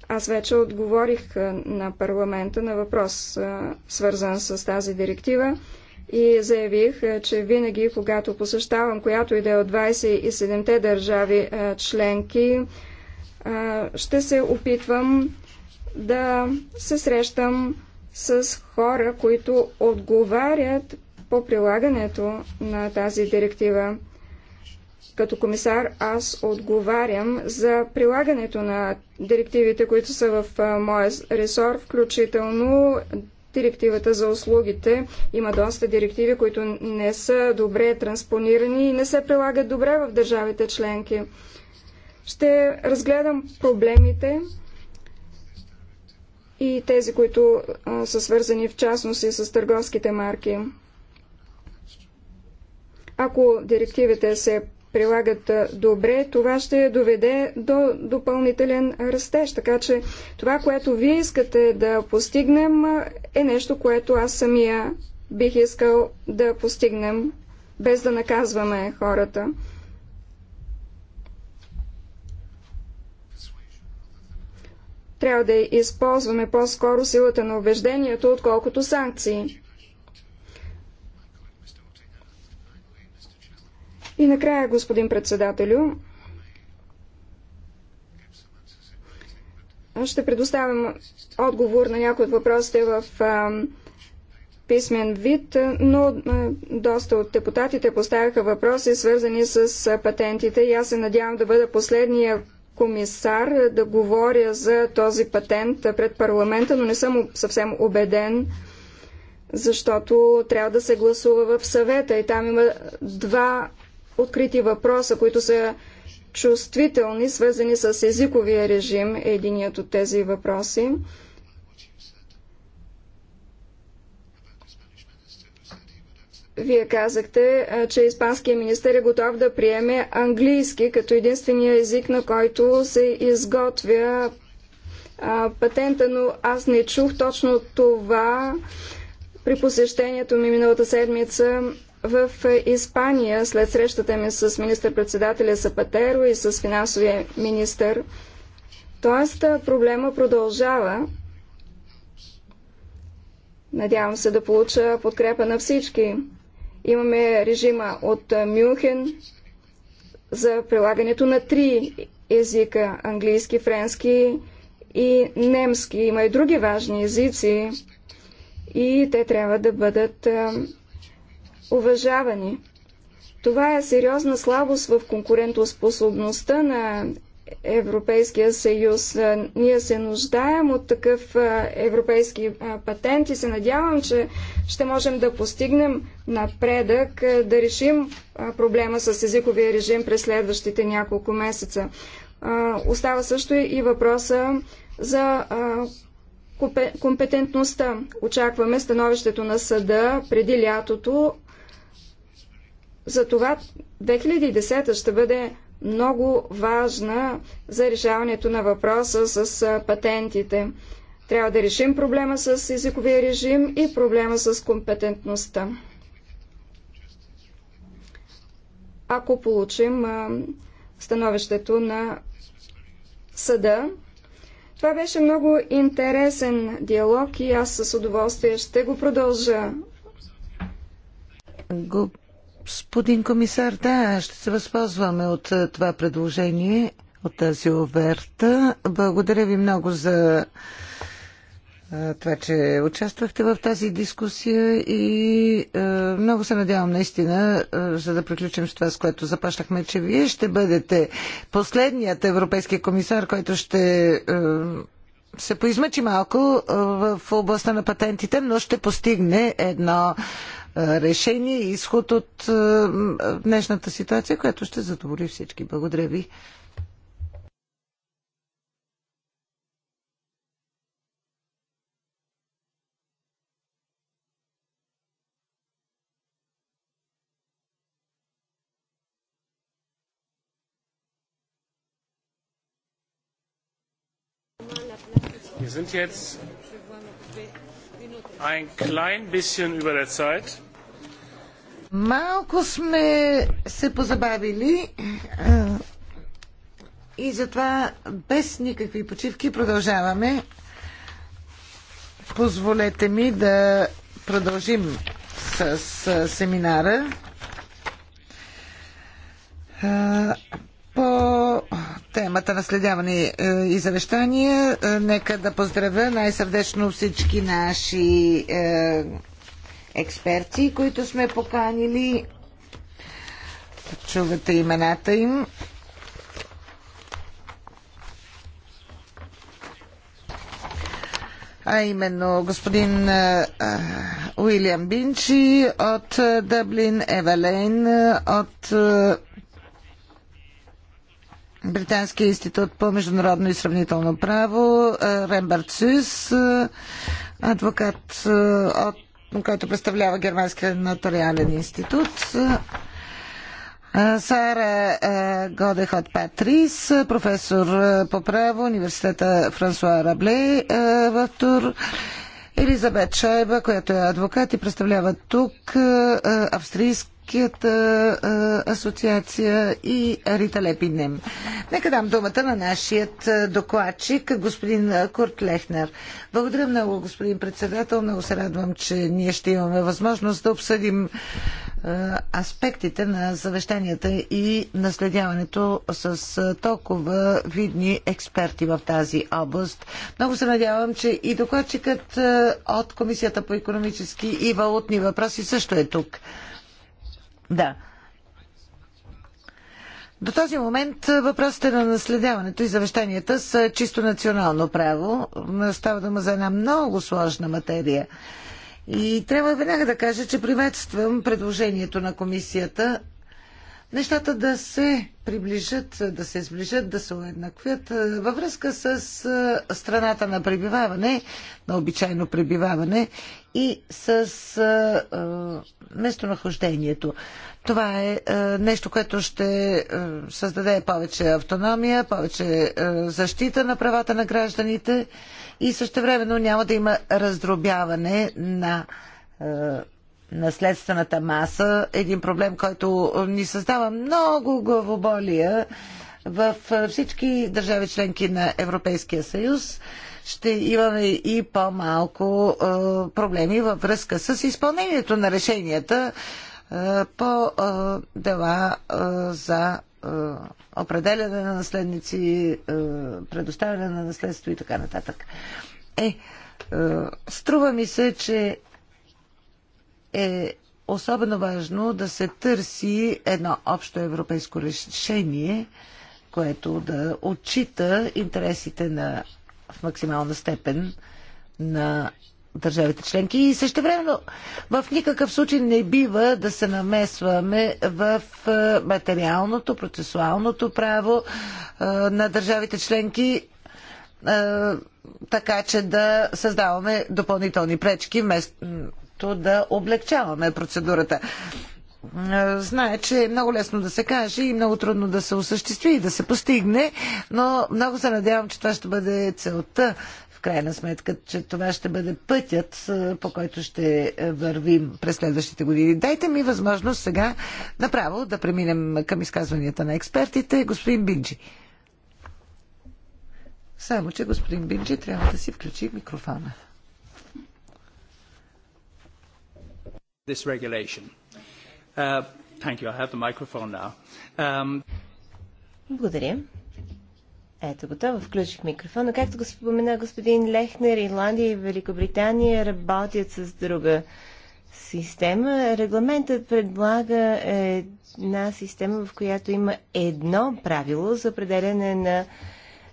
Аз вече отговорих на парламента на въпрос, свързан с тази директива и заявих, е, че винаги, когато посещавам която и да е от 27-те държави е, членки, е, ще се опитвам да се срещам с хора, които отговарят по прилагането на тази директива. Като комисар аз отговарям за прилагането на директивите, които са в моя ресор, включително директивата за услугите. Има доста директиви, които не са добре транспонирани и не се прилагат добре в държавите членки. Ще разгледам проблемите и тези, които а, са свързани в частност и с търговските марки. Ако директивите се прилагат добре, това ще доведе до допълнителен растеж. Така че това, което вие искате да постигнем, е нещо, което аз самия бих искал да постигнем, без да наказваме хората. Трябва да използваме по-скоро силата на убеждението, отколкото санкции. И накрая, господин председателю, ще предоставям отговор на някои от въпросите в писмен вид, но доста от депутатите поставяха въпроси, свързани с патентите и аз се надявам да бъда последния комисар да говоря за този патент пред парламента, но не съм съвсем убеден, защото трябва да се гласува в съвета и там има два открити въпроса, които са чувствителни, свързани с езиковия режим, е единият от тези въпроси. Вие казахте, че Испанския министър е готов да приеме английски като единствения език, на който се изготвя а, патента, но аз не чух точно това при посещението ми миналата седмица в е, Испания, след срещата ми с министър-председателя Сапатеро и с финансовия министър, Тоест проблема продължава. Надявам се да получа подкрепа на всички. Имаме режима от Мюнхен за прилагането на три езика английски, френски и немски. Има и други важни езици и те трябва да бъдат уважавани. Това е сериозна слабост в конкурентоспособността на Европейския съюз. Ние се нуждаем от такъв европейски патент и се надявам, че ще можем да постигнем напредък, да решим проблема с езиковия режим през следващите няколко месеца. Остава също и въпроса за компетентността. Очакваме становището на съда преди лятото затова 2010 ще бъде много важна за решаването на въпроса с патентите. Трябва да решим проблема с езиковия режим и проблема с компетентността. Ако получим становището на съда, това беше много интересен диалог и аз с удоволствие ще го продължа. Господин комисар, да, ще се възползваме от е, това предложение, от тази оверта. Благодаря ви много за е, това, че участвахте в тази дискусия и е, много се надявам наистина, е, за да приключим с това, с което започнахме, че вие ще бъдете последният европейски комисар, който ще е, се поизмъчи малко е, в областта на патентите, но ще постигне едно решение и изход от днешната ситуация, която ще задоволи всички. Благодаря ви. Wir sind jetzt ein klein bisschen über der Zeit. Малко сме се позабавили и затова без никакви почивки продължаваме. Позволете ми да продължим с семинара по темата наследяване и завещания. Нека да поздравя най-сърдечно всички наши експерти, които сме поканили. Чувате имената им. а именно господин Уилям Бинчи от Дъблин, Ева Лейн от Британския институт по международно и сравнително право, Ремберт Сюс, адвокат от който представлява Германския нотариален институт. Сара от Патрис, професор по право, университета Франсуа Рабле в Тур. Елизабет Шайба, която е адвокат и представлява тук австрийск Европейската асоциация и Рита Лепинем. Нека дам думата на нашият докладчик, господин Курт Лехнер. Благодаря много, господин председател. Много се радвам, че ние ще имаме възможност да обсъдим аспектите на завещанията и наследяването с толкова видни експерти в тази област. Много се надявам, че и докладчикът от Комисията по економически и валутни въпроси също е тук. Да. До този момент въпросите на наследяването и завещанията са чисто национално право. Става дума за една много сложна материя. И трябва веднага да кажа, че приветствам предложението на комисията нещата да се приближат, да се сближат, да се уеднаквят е, във връзка с е, страната на пребиваване, на обичайно пребиваване и с е, местонахождението. Това е нещо, което ще създаде повече автономия, повече защита на правата на гражданите и също времено няма да има раздробяване на наследствената маса, един проблем, който ни създава много главоболия в всички държави членки на Европейския съюз ще имаме и по-малко е, проблеми във връзка с изпълнението на решенията е, по е, дела е, за е, определяне на наследници, е, предоставяне на наследство и така нататък. Е, струва ми се, че е особено важно да се търси едно общо европейско решение, което да отчита интересите на в максимална степен на държавите членки и също времено в никакъв случай не бива да се намесваме в е, материалното, процесуалното право е, на държавите членки е, така че да създаваме допълнителни пречки вместо както да облегчаваме процедурата. Знае, че е много лесно да се каже и много трудно да се осъществи и да се постигне, но много се надявам, че това ще бъде целта в крайна сметка, че това ще бъде пътят, е, по който ще вървим през следващите години. Дайте ми възможност сега направо да преминем към изказванията на експертите. Господин Бинджи. Само, че господин Бинджи трябва да си включи микрофона. this regulation. Uh, thank you. I have the microphone now. Um... Благодаря. Ето, готово. Включих микрофона. Както го спомена господин Лехнер, Ирландия и Великобритания работят с друга система. Регламентът предлага една система, в която има едно правило за определене на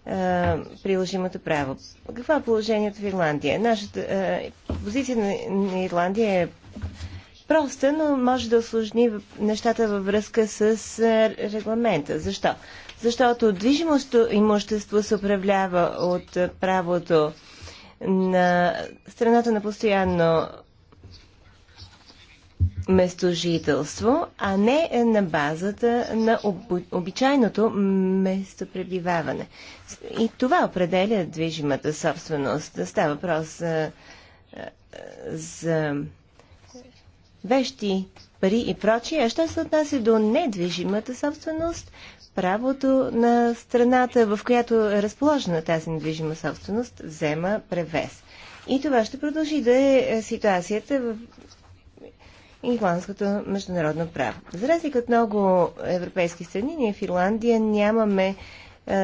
е, приложимото право. Каква е положението в Ирландия? Нашата е, позиция на Ирландия е проста, но може да осложни нещата във връзка с е, регламента. Защо? Защото движимото имущество се управлява от е, правото на страната на постоянно местожителство, а не е, на базата на обичайното местопребиваване. И това определя движимата собственост. Става въпрос за, за вещи, пари и прочие. А що се отнася до недвижимата собственост, правото на страната, в която е разположена тази недвижима собственост, взема превес. И това ще продължи да е ситуацията в ирландското международно право. За разлика от много европейски страни, ние в Ирландия нямаме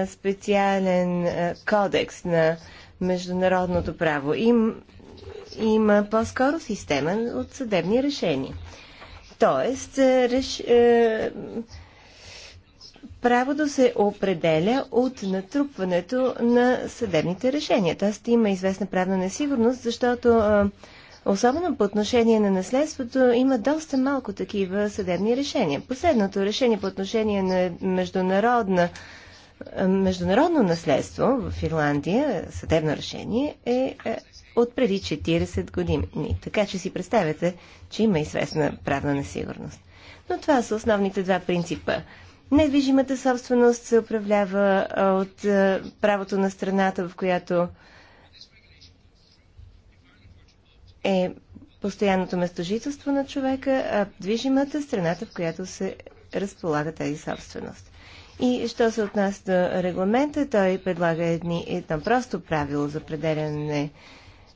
специален кодекс на международното право. И има по-скоро система от съдебни решения. Тоест, е, реш... Е, правото се определя от натрупването на съдебните решения. Тоест, има известна правна несигурност, защото е, Особено по отношение на наследството има доста малко такива съдебни решения. Последното решение по отношение на международна, международно наследство в Ирландия, съдебно решение, е от преди 40 години. Така че си представяте, че има известна правна несигурност. Но това са основните два принципа. Недвижимата собственост се управлява от правото на страната, в която е постоянното местожителство на човека, а движимата страната, в която се разполага тази собственост. И що се отнася до регламента, той предлага едни, едно просто правило за определяне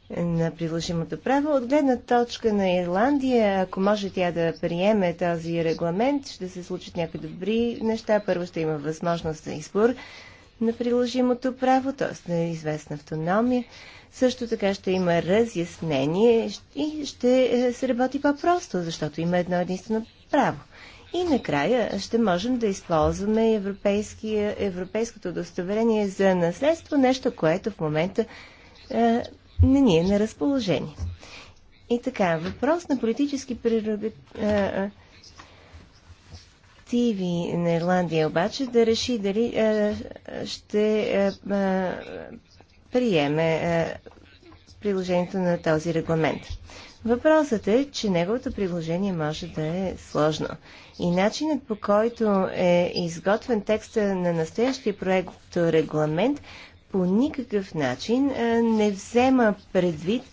на приложимото право. От гледна точка на Ирландия, ако може тя да приеме този регламент, ще се случат някои добри неща. Първо ще има възможност за избор на приложимото право, т.е. на известна автономия. Също така ще има разяснение и ще е, се работи по-просто, защото има едно единствено право. И накрая ще можем да използваме европейското удостоверение за наследство, нещо, което в момента е, не ни е на разположение. И така, въпрос на политически прерогативи на Ирландия обаче да реши дали а, ще а, приеме а, приложението на този регламент. Въпросът е, че неговото приложение може да е сложно. И начинът по който е изготвен текста на настоящия проект регламент по никакъв начин не взема предвид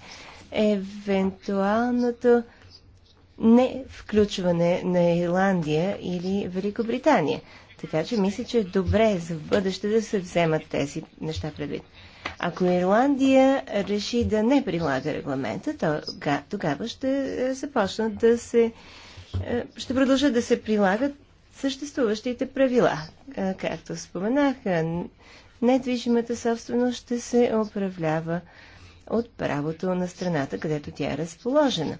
евентуалното не включване на Ирландия или Великобритания. Така че мисля, че е добре за бъдеще да се вземат тези неща предвид. Ако Ирландия реши да не прилага регламента, то тогава ще е, започнат да се. Е, ще продължат да се прилагат съществуващите правила. Е, както споменах, недвижимата собственост ще се управлява от правото на страната, където тя е разположена.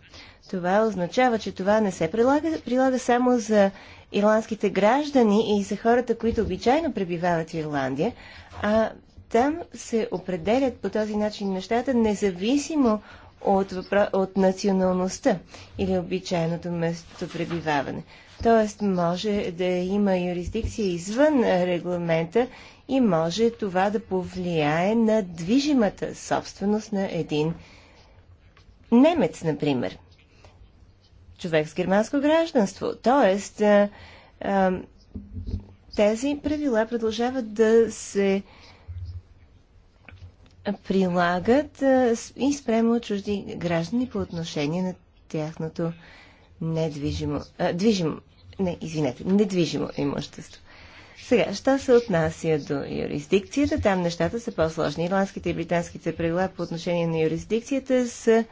Това означава, че това не се прилага, прилага само за ирландските граждани и за хората, които обичайно пребивават в Ирландия, а там се определят по този начин нещата, независимо от, от националността или обичайното местопребиваване. Тоест, може да има юрисдикция извън регламента и може това да повлияе на движимата собственост на един немец, например. Човек с германско гражданство. Тоест, а, а, тези правила продължават да се прилагат а, и спрямо чужди граждани по отношение на тяхното недвижимо, а, движимо, не, извинете, недвижимо имущество. Сега, що се отнася до юрисдикцията, там нещата са по-сложни. Ирландските и британските правила по отношение на юрисдикцията са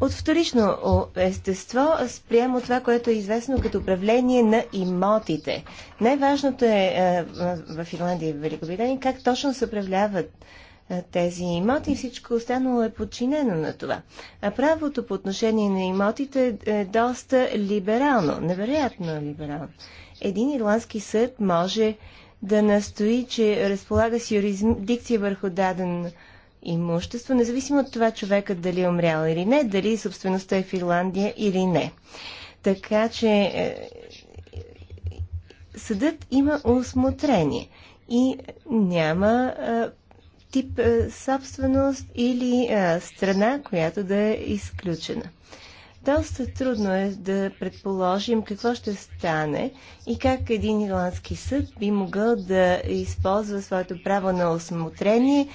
от вторично естество спрямо това, което е известно като управление на имотите. Най-важното е, е в Ирландия и в Великобритания как точно се управляват е, тези имоти и всичко останало е подчинено на това. А правото по отношение на имотите е доста либерално, невероятно либерално един ирландски съд може да настои, че разполага с юрисдикция върху дадено имущество, независимо от това човекът дали е умрял или не, дали собствеността е в Ирландия или не. Така че е, съдът има осмотрение и няма е, тип е, собственост или страна, която да е изключена. Доста трудно е да предположим какво ще стане и как един ирландски съд би могъл да използва своето право на осмотрение,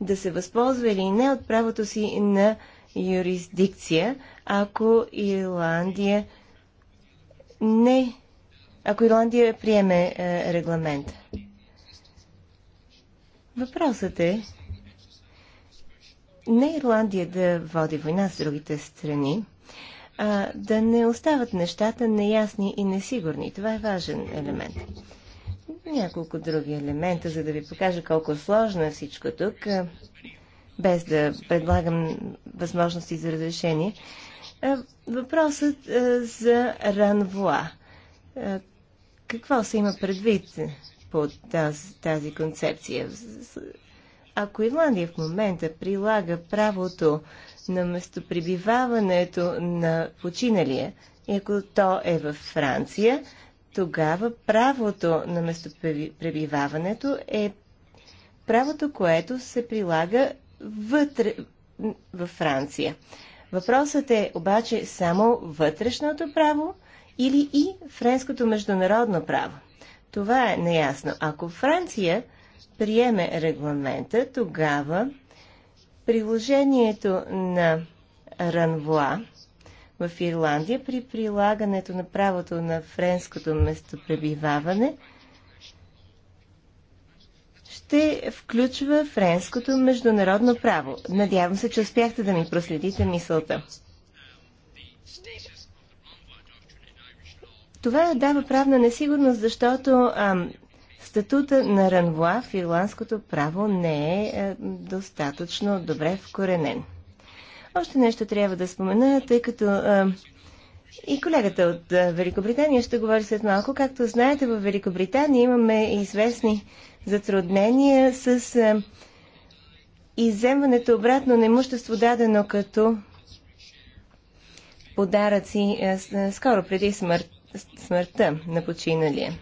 да се възползва или не от правото си на юрисдикция, ако Ирландия не, ако Ирландия приеме е, регламент. Въпросът е не Ирландия да води война с другите страни, а, да не остават нещата неясни и несигурни. Това е важен елемент. Няколко други елемента, за да ви покажа колко сложно е всичко тук, без да предлагам възможности за разрешение. въпросът за ранвоа. какво се има предвид по тази концепция? Ако Ирландия в момента прилага правото на местопребиваването на починалия. И ако то е във Франция, тогава правото на местопребиваването е правото, което се прилага вътре във Франция. Въпросът е обаче само вътрешното право или и френското международно право. Това е неясно. Ако Франция приеме регламента, тогава приложението на Ранвуа в Ирландия при прилагането на правото на френското местопребиваване ще включва френското международно право. Надявам се, че успяхте да ми проследите мисълта. Това дава правна несигурност, защото а, Статута на Ранвуа в ирландското право не е, е достатъчно добре вкоренен. Още нещо трябва да спомена, тъй като а, е, и колегата от а, е, Великобритания ще говори след малко. Както знаете, в Великобритания имаме известни затруднения с а, иземването обратно на имущество, дадено като подаръци а, скоро преди смърт, смъртта на починалия.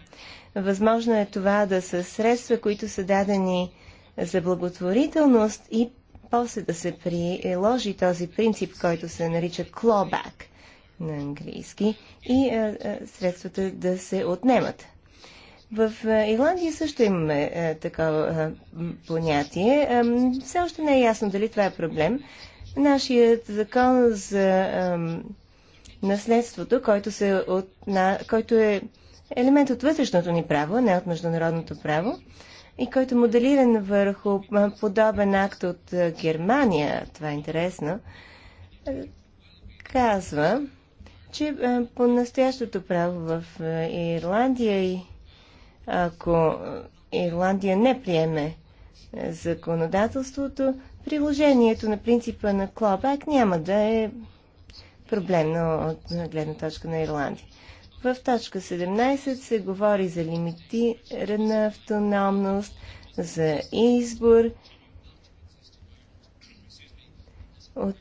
Възможно е това да са средства, които са дадени за благотворителност и после да се приложи този принцип, който се нарича clawback на английски и а, а, средствата да се отнемат. В Ирландия също имаме а, такова а, понятие. А, все още не е ясно дали това е проблем. Нашият закон за а, наследството, който, се от, на, който е елемент от вътрешното ни право, не от международното право, и който е моделиран върху подобен акт от Германия, това е интересно, казва, че по настоящото право в Ирландия и ако Ирландия не приеме законодателството, приложението на принципа на Клопак няма да е проблемно от гледна точка на Ирландия. В точка 17 се говори за лимитирана автономност, за избор, от...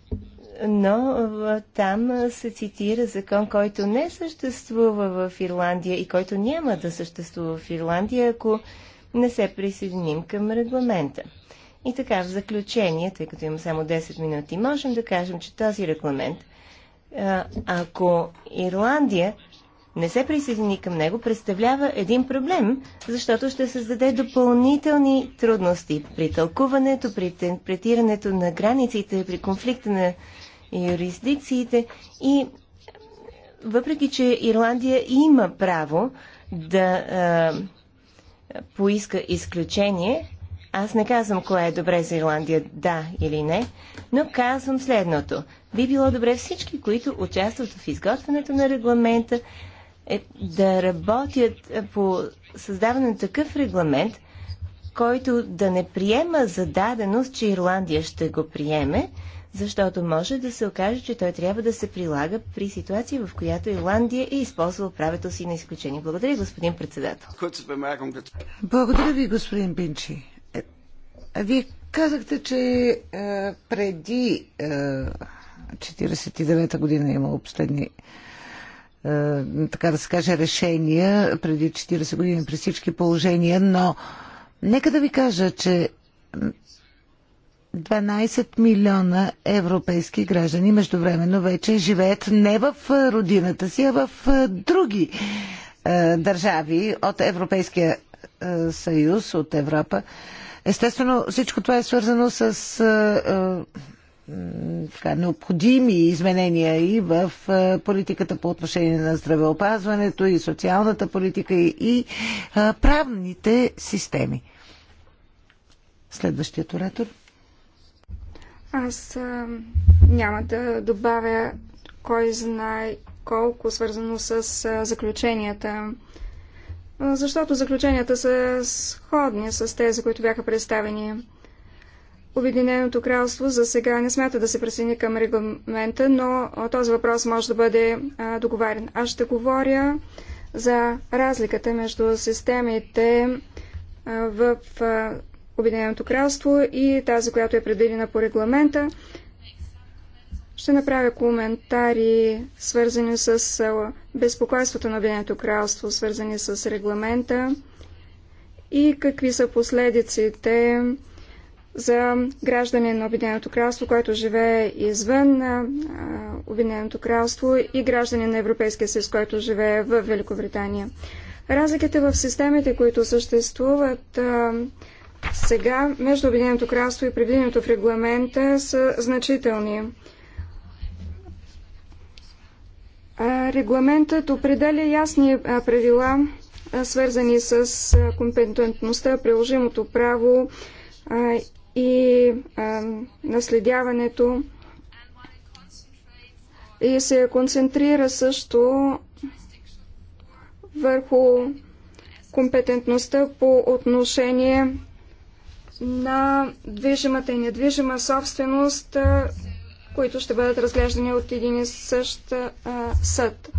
но там се цитира закон, който не съществува в Ирландия и който няма да съществува в Ирландия, ако не се присъединим към регламента. И така, в заключение, тъй като имам само 10 минути, можем да кажем, че този регламент, ако Ирландия не се присъедини към него, представлява един проблем, защото ще създаде допълнителни трудности при тълкуването, при интерпретирането на границите, при конфликта на юрисдикциите и въпреки, че Ирландия има право да а, поиска изключение, аз не казвам кое е добре за Ирландия, да или не, но казвам следното. Би било добре всички, които участват в изготвянето на регламента, е да работят е, по създаване на такъв регламент, който да не приема за даденост, че Ирландия ще го приеме, защото може да се окаже, че той трябва да се прилага при ситуация, в която Ирландия е използвала правето си на изключение. Благодаря, господин председател. Благодаря ви, господин Бинчи. Е, вие казахте, че е, преди е, 49-та година е има последни е, така да се каже, решения преди 40 години при всички положения, но нека да ви кажа, че 12 милиона европейски граждани междувременно вече живеят не в родината си, а в е, други е, държави от Европейския съюз, от Европа. Естествено, всичко това е свързано с така, необходими изменения и в политиката по отношение на здравеопазването, и социалната политика, и правните системи. Следващият оратор. Аз а, няма да добавя кой знае колко свързано с а, заключенията, защото заключенията са сходни с тези, които бяха представени. Обединеното кралство за сега не смята да се присъедини към регламента, но този въпрос може да бъде договарен. Аз ще говоря за разликата между системите в Обединеното кралство и тази, която е предвидена по регламента. Ще направя коментари, свързани с безпокойството на Обединеното кралство, свързани с регламента и какви са последиците за граждани на Обединеното кралство, който живее извън а, Обединеното кралство и граждани на Европейския съюз, който живее в Великобритания. Разликите в системите, които съществуват а, сега между Обединеното кралство и предвиденото в регламента са значителни. А, регламентът определя ясни а, правила, а, свързани с компетентността, приложимото право и а, наследяването и се концентрира също върху компетентността по отношение на движимата и недвижима собственост, които ще бъдат разглеждани от един и същ а, съд.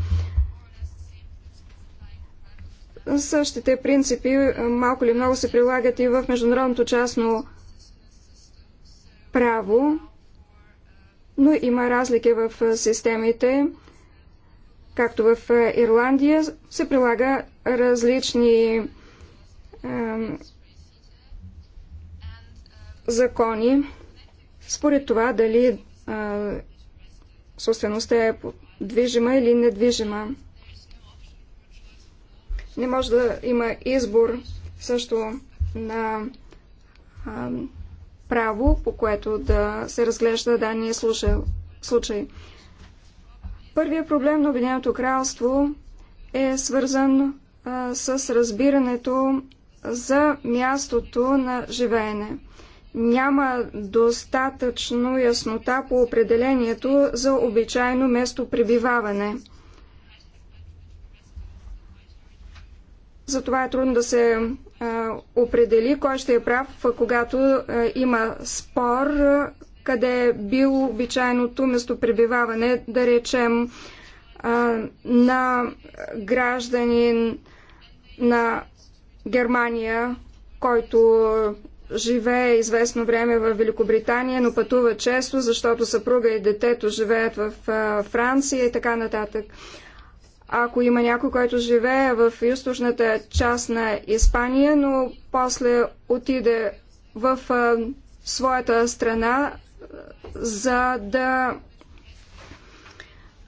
Същите принципи малко ли много се прилагат и в международното частно право, но има разлики в системите. Както в Ирландия се прилага различни е, закони. Според това дали е, собствеността е движима или недвижима. Не може да има избор също на право, по което да се разглежда дания случай. Първият проблем на Обединеното кралство е свързан а, с разбирането за мястото на живеене. Няма достатъчно яснота по определението за обичайно местопребиваване. пребиваване Затова е трудно да се определи кой ще е прав, когато има спор, къде е било обичайното местопребиваване, да речем, на гражданин на Германия, който живее известно време в Великобритания, но пътува често, защото съпруга и детето живеят в Франция и така нататък ако има някой, който живее в източната част на Испания, но после отиде в а, своята страна, за да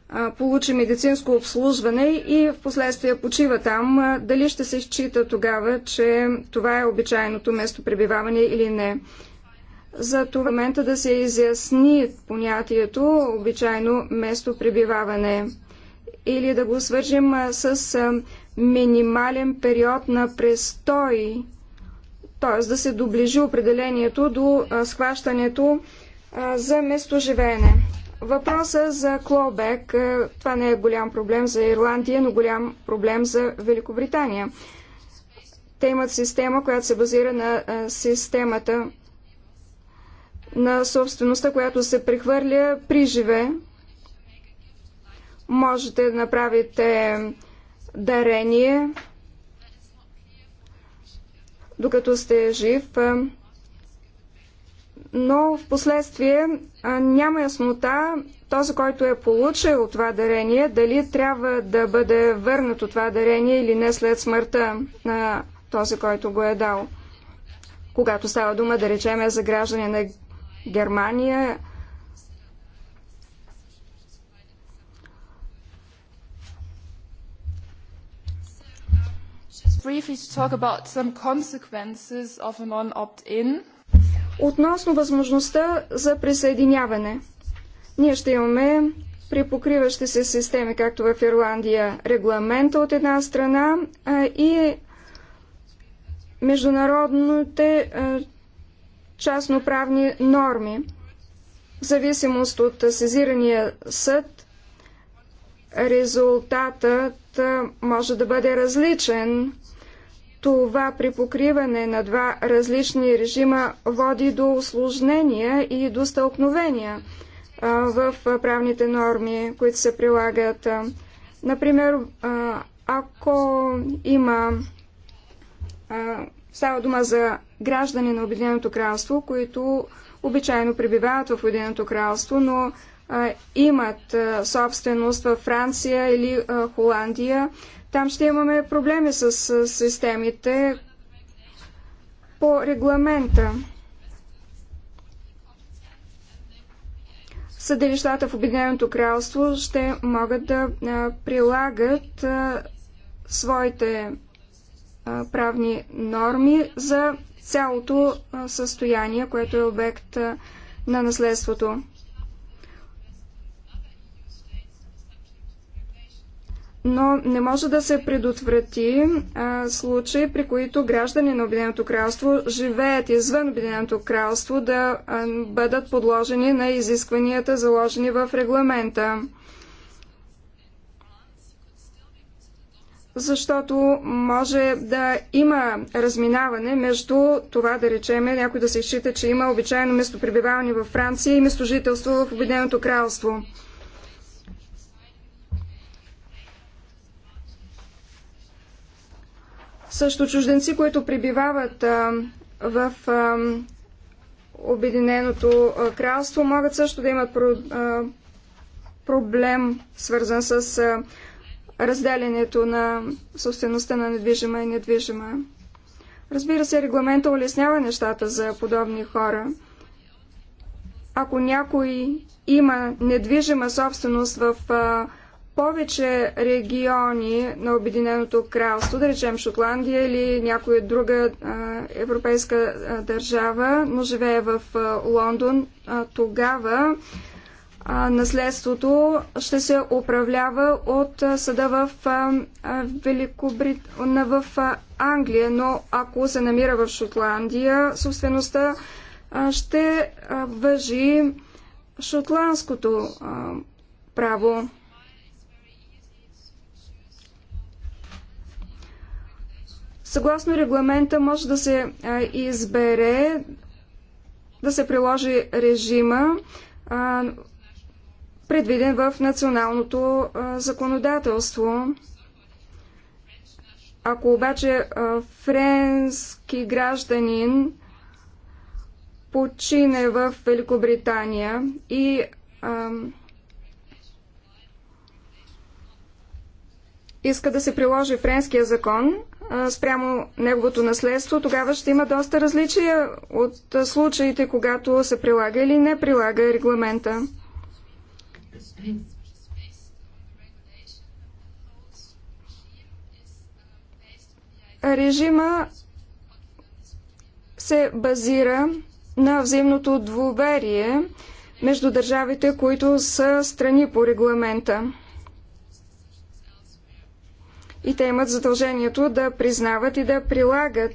а, получи медицинско обслужване и в последствие почива там, а, дали ще се счита тогава, че това е обичайното место пребиваване или не. За това момента да се изясни понятието обичайно место пребиваване или да го свържем с минимален период на престой, т.е. да се доближи определението до схващането за местоживеене. Въпросът за клобек, това не е голям проблем за Ирландия, но голям проблем за Великобритания. Те имат система, която се базира на системата на собствеността, която се прехвърля при живе Можете да направите дарение, докато сте жив, но в последствие няма яснота този, който е получил това дарение, дали трябва да бъде върнато това дарение или не след смъртта на този, който го е дал. Когато става дума, да речеме, за граждане на Германия briefly to talk about some consequences of a non-opt-in. Относно възможността за присъединяване. Ние ще имаме при покриващи се системи, както в Ирландия, регламента от една страна а, и международните частноправни норми. В зависимост от сезирания съд, резултатът може да бъде различен това припокриване на два различни режима води до осложнения и до стълкновения в правните норми, които се прилагат. Например, ако има става дума за граждани на Обединеното кралство, които обичайно пребивават в Обединеното кралство, но имат собственост във Франция или Холандия, там ще имаме проблеми с системите по регламента. Съдилищата в Обединеното кралство ще могат да прилагат своите правни норми за цялото състояние, което е обект на наследството. но не може да се предотврати а, случаи, при които граждани на Обединеното кралство живеят извън Обединеното кралство да а, бъдат подложени на изискванията, заложени в регламента. Защото може да има разминаване между това, да речеме, някой да се счита, че има обичайно местопребиваване във Франция и местожителство в Обединеното кралство. също чужденци, които прибивават в Обединеното кралство, могат също да имат проблем, свързан с разделянето на собствеността на недвижима и недвижима. Разбира се, регламента улеснява нещата за подобни хора. Ако някой има недвижима собственост в повече региони на Обединеното кралство, да речем Шотландия или някоя друга а, европейска а, държава, но живее в а, Лондон, а, тогава а, наследството ще се управлява от а, съда в, а, Великобрит... на, в а, Англия, но ако се намира в Шотландия, собствеността а, ще а, въжи шотландското а, право. Съгласно регламента може да се избере да се приложи режима, предвиден в националното законодателство. Ако обаче френски гражданин почине в Великобритания и иска да се приложи френския закон, спрямо неговото наследство, тогава ще има доста различия от случаите, когато се прилага или не прилага регламента. Режима се базира на взаимното доверие между държавите, които са страни по регламента и те имат задължението да признават и да прилагат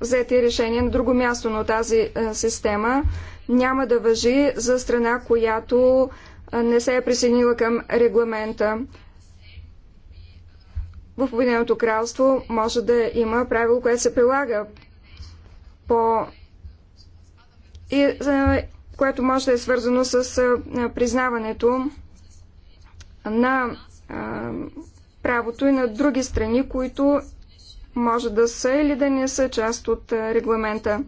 взети решения на друго място, но тази система няма да въжи за страна, която не се е присъединила към регламента. В Обединеното кралство може да има правило, което се прилага по и което може да е свързано с признаването на правото и на други страни, които може да са или да не са част от регламента.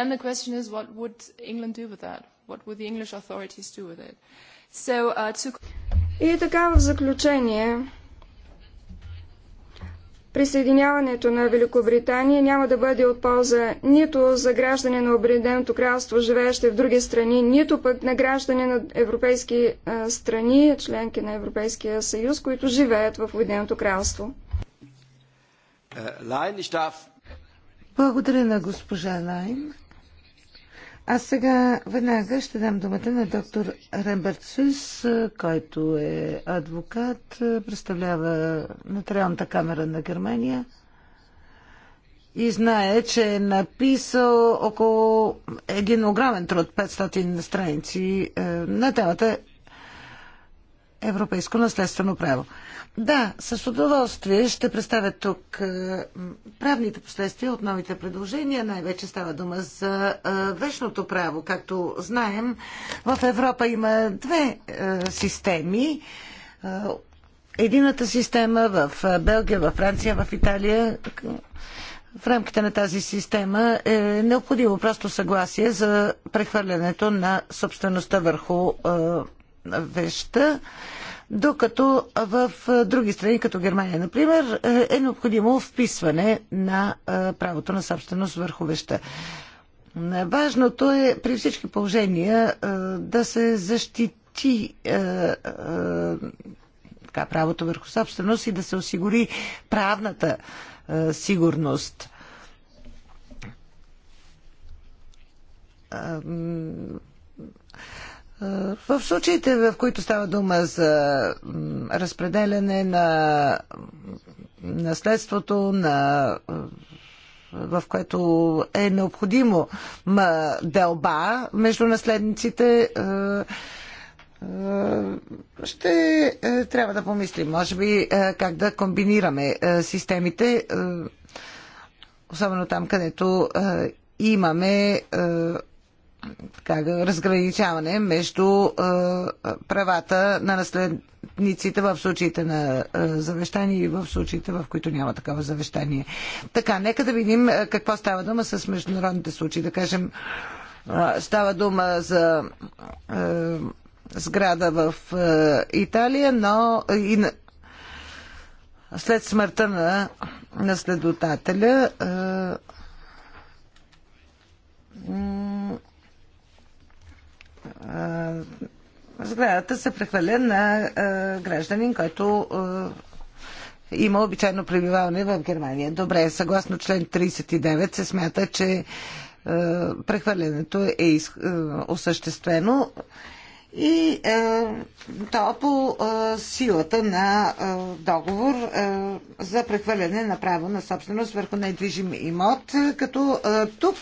Then the question is, what would England do with that? What would the English authorities do with it? So, uh, to... И така в заключение, Присъединяването на Великобритания няма да бъде от полза нито за граждане на Обединеното кралство, живеещи в други страни, нито пък на граждане на европейски а, страни, членки на Европейския съюз, които живеят в Обединеното кралство. Благодаря на госпожа Лайн. А сега веднага ще дам думата на доктор Ремберт Сюс, който е адвокат, представлява Нотариалната камера на Германия и знае, че е написал около един огромен труд, 500 страници е, на темата европейско наследствено право. Да, с удоволствие ще представя тук е, правните последствия от новите предложения. Най-вече става дума за е, вечното право. Както знаем, в Европа има две е, системи. Едината система в Белгия, в Франция, в Италия в рамките на тази система е необходимо просто съгласие за прехвърлянето на собствеността върху вещта, докато в други страни, като Германия, например, е, е необходимо вписване на правото на собственост върху веща. Важното е при всички положения да се защити така, правото върху собственост и да се осигури правната сигурност в случаите, в които става дума за разпределяне на наследството, на, в което е необходимо дълба между наследниците, е, е, ще е, трябва да помислим, може би, как да комбинираме системите, особено там, където имаме така, разграничаване между правата на наследниците в случаите на е, завещание и в случаите, в които няма такава завещание. Така, нека да видим какво става дума с международните случаи. Да кажем, става дума за сграда в е, Италия, но и на, след смъртта на наследодателя. Е, сградата се прехвърля на гражданин, който има обичайно пребиваване в Германия. Добре, съгласно член 39 се смята, че прехвърлянето е осъществено и то по силата на договор за прехвърляне на право на собственост върху недвижим имот, като тук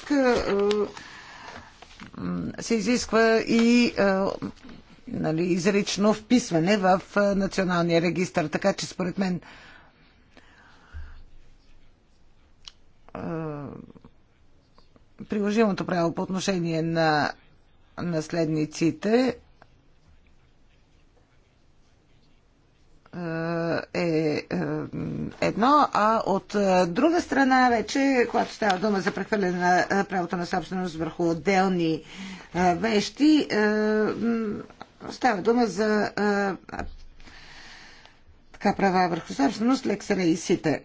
се изисква и е, нали, изрично вписване в е, националния регистр. Така че според мен е, приложимото право по отношение на наследниците Е, е едно, а от е, друга страна вече, когато става дума за прехвърляне на е, правото на собственост върху отделни вещи, става дума за така права върху собственост, лексера и сите.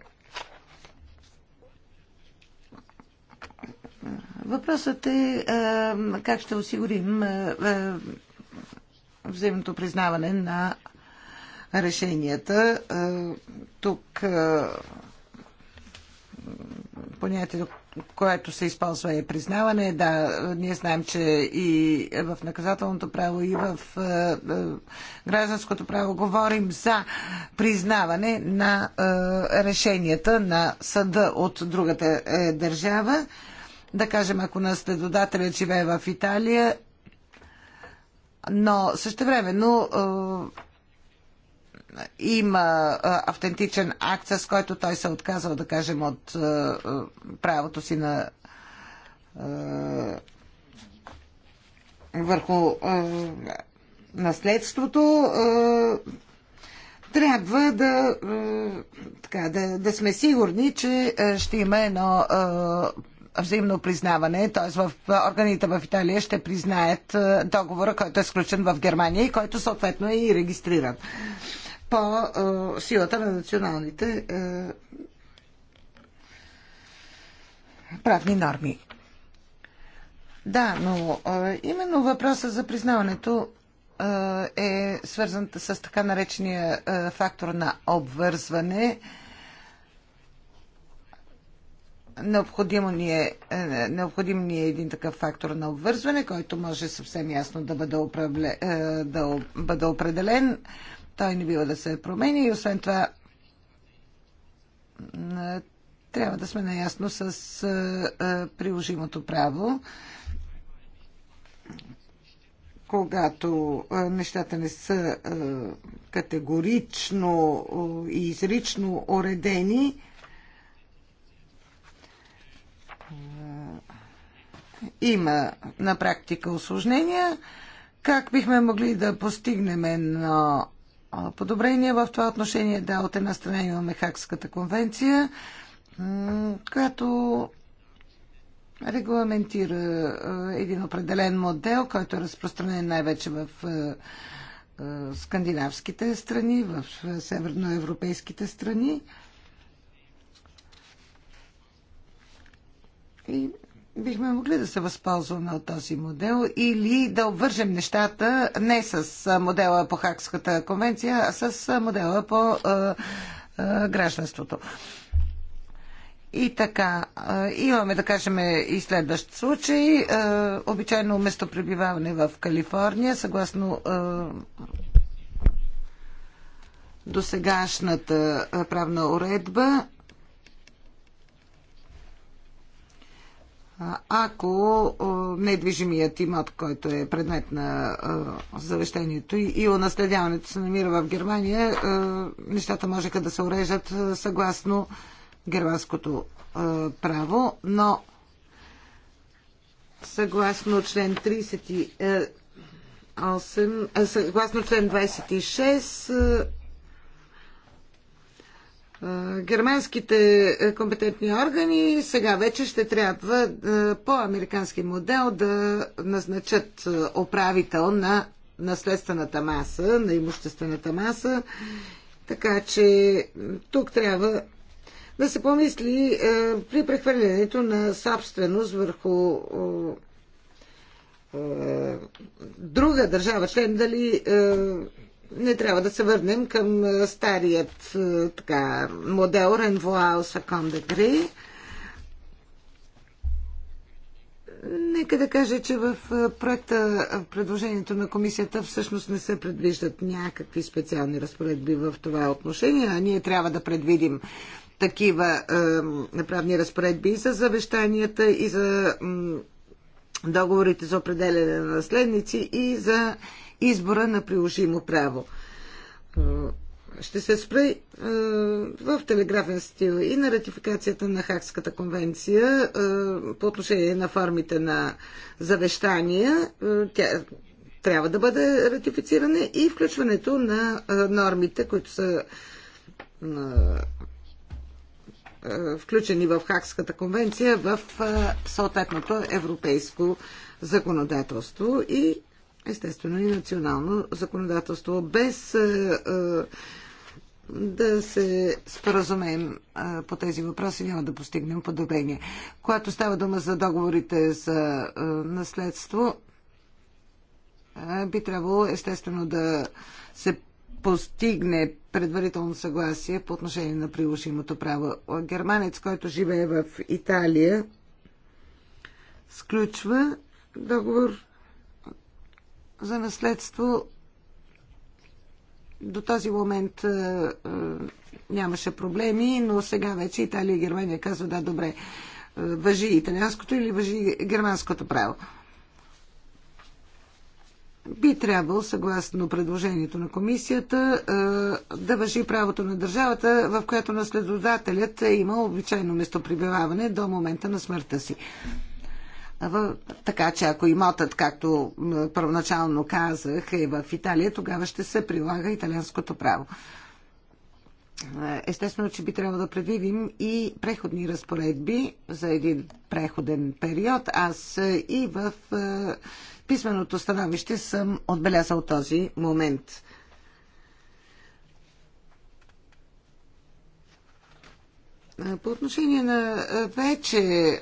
Въпросът е как ще осигурим взаимното признаване на решенията. Тук понятието, което се използва е признаване. Да, ние знаем, че и в наказателното право, и в гражданското право говорим за признаване на решенията на съда от другата е, държава. Да кажем, ако наследодателят живее в Италия, но също време, но има автентичен акт, с който той се отказва, да кажем, от правото си на върху наследството, трябва да, така, да, да сме сигурни, че ще има едно взаимно признаване, т.е. в органите в Италия ще признаят договора, който е сключен в Германия и който съответно е и регистриран по силата на националните правни норми. Да, но именно въпроса за признаването е свързан с така наречения фактор на обвързване. Необходимо ни е, е, необходим ни е един такъв фактор на обвързване, който може съвсем ясно да бъде, управле, е, да бъде определен той не бива да се променя и освен това трябва да сме наясно с приложимото право. Когато нещата не са категорично и изрично уредени, има на практика осложнения. Как бихме могли да постигнем едно подобрения в това отношение. Да, от една страна имаме Хакската конвенция, която регламентира един определен модел, който е разпространен най-вече в скандинавските страни, в северноевропейските страни. И бихме могли да се възползваме от този модел или да обвържем нещата не с модела по Хакската конвенция, а с модела по а, а, гражданството. И така, имаме, да кажем, и следващ случай. Обичайно местопребиваване в Калифорния, съгласно досегашната правна уредба ако недвижимият имот, който е предмет на завещанието и унаследяването се намира в Германия, нещата можеха да се урежат съгласно германското право, но съгласно член 30 8, е, съгласно член 26 германските е, компетентни органи сега вече ще трябва е, по американски модел да назначат е, управител на наследствената маса, на имуществената маса. Така че тук трябва да се помисли при прехвърлянето на собственост върху друга държава член, дали не трябва да се върнем към старият така, модел Ренвоал Сакон де Гри. Нека да кажа, че в проекта, в предложението на комисията всъщност не се предвиждат някакви специални разпоредби в това отношение, а ние трябва да предвидим такива е, правни разпоредби и за завещанията, и за договорите за определене на наследници, и за е, избора на приложимо право. Ще се спра в телеграфен стил и на ратификацията на Хакската конвенция по отношение на формите на завещания. Тя трябва да бъде ратифицирана, и включването на нормите, които са включени в Хакската конвенция в съответното европейско законодателство и естествено и национално законодателство, без е, е, да се споразумеем е, по тези въпроси, няма да постигнем подобрение. Когато става дума за договорите за наследство, би трябвало естествено да се постигне предварително съгласие по отношение на приложимото право. Германец, който живее в Италия, сключва договор за наследство до този момент а, е, а, е, нямаше проблеми, но сега вече Италия и Германия казват, да, добре, а, е, въжи италианското или въжи германското право. Би трябвало, съгласно предложението на комисията, да въжи правото на държавата, в която наследодателят е имал обичайно местоприбиваване до момента на смъртта си така че ако имотът, както първоначално казах, е в Италия, тогава ще се прилага италианското право. Е, естествено, че би трябвало да предвидим и преходни разпоредби за един преходен период. Аз е, и в е, писменото становище съм отбелязал този момент. По отношение на вече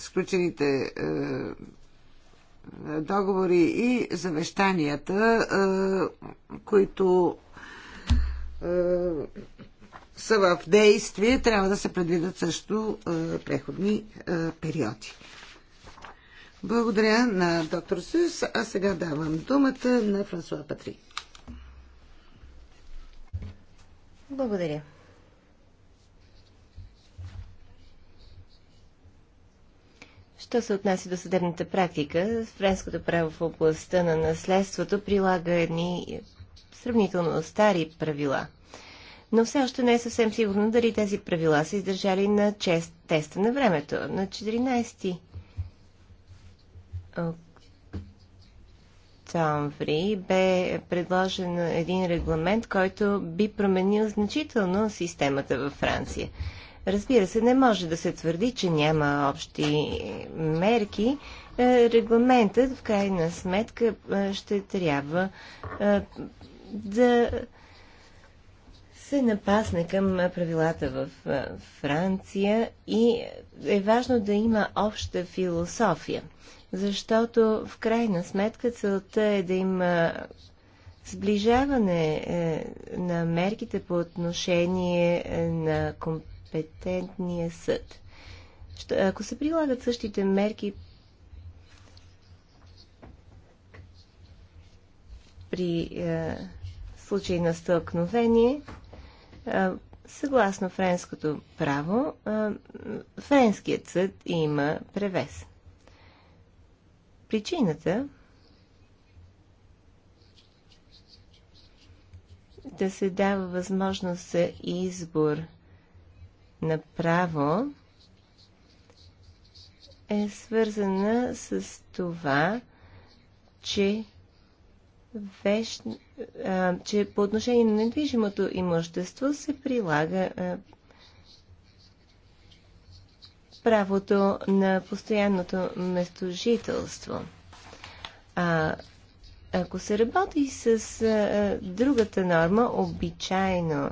сключените е, договори и завещанията, е, които е, са в действие, трябва да се предвидят също преходни периоди. Благодаря на доктор Сюс, а сега давам думата на Франсуа Патри. Благодаря. Що се отнася до съдебната практика, френското право в областта на наследството прилага едни сравнително стари правила. Но все още не е съвсем сигурно дали тези правила са издържали на чест, теста на времето. На 14 октомври бе предложен един регламент, който би променил значително системата във Франция. Разбира се, не може да се твърди, че няма общи мерки. Е, регламентът в крайна сметка е, ще трябва е, да се напасне към правилата в Франция и е важно да има обща философия, защото в крайна сметка целта е да има сближаване на мерките по отношение на компетентността компетентния съд. Ако се прилагат същите мерки при е, случай на стълкновение, е, съгласно френското право, е, френският съд има превес. Причината да се дава възможност за избор – направо е свързана с това, че вещ, а, че по отношение на недвижимото имущество се прилага а, правото на постоянното местожителство. А, ако се работи с а, другата норма, обичайно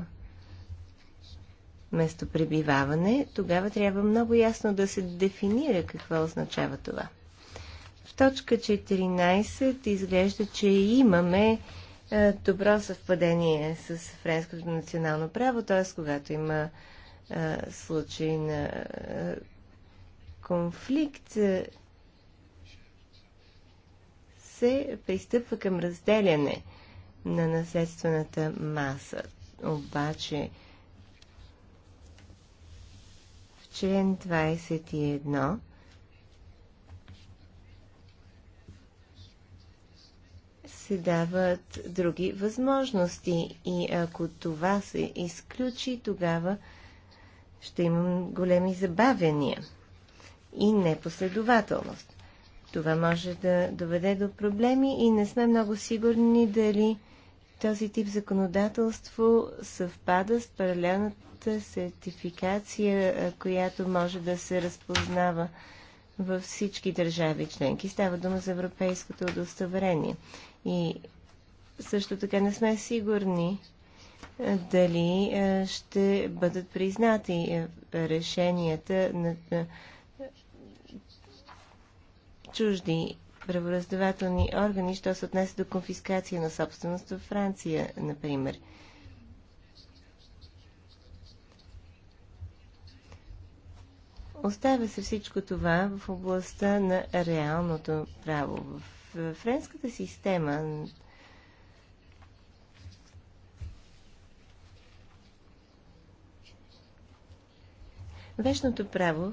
местопребиваване, тогава трябва много ясно да се дефинира какво означава това. В точка 14 изглежда, че имаме е, добро съвпадение с френското национално право, т.е. когато има е, случай на е, конфликт, се пристъпва към разделяне на наследствената маса. Обаче, член 21 се дават други възможности и ако това се изключи, тогава ще имам големи забавяния и непоследователност. Това може да доведе до проблеми и не сме много сигурни дали този тип законодателство съвпада с паралелната цялата сертификация, която може да се разпознава във всички държави членки. Става дума за европейското удостоверение. И също така не сме сигурни дали ще бъдат признати решенията на чужди правораздавателни органи, що се отнесе до конфискация на собственост в Франция, например. Оставя се всичко това в областта на реалното право. В френската система вечното право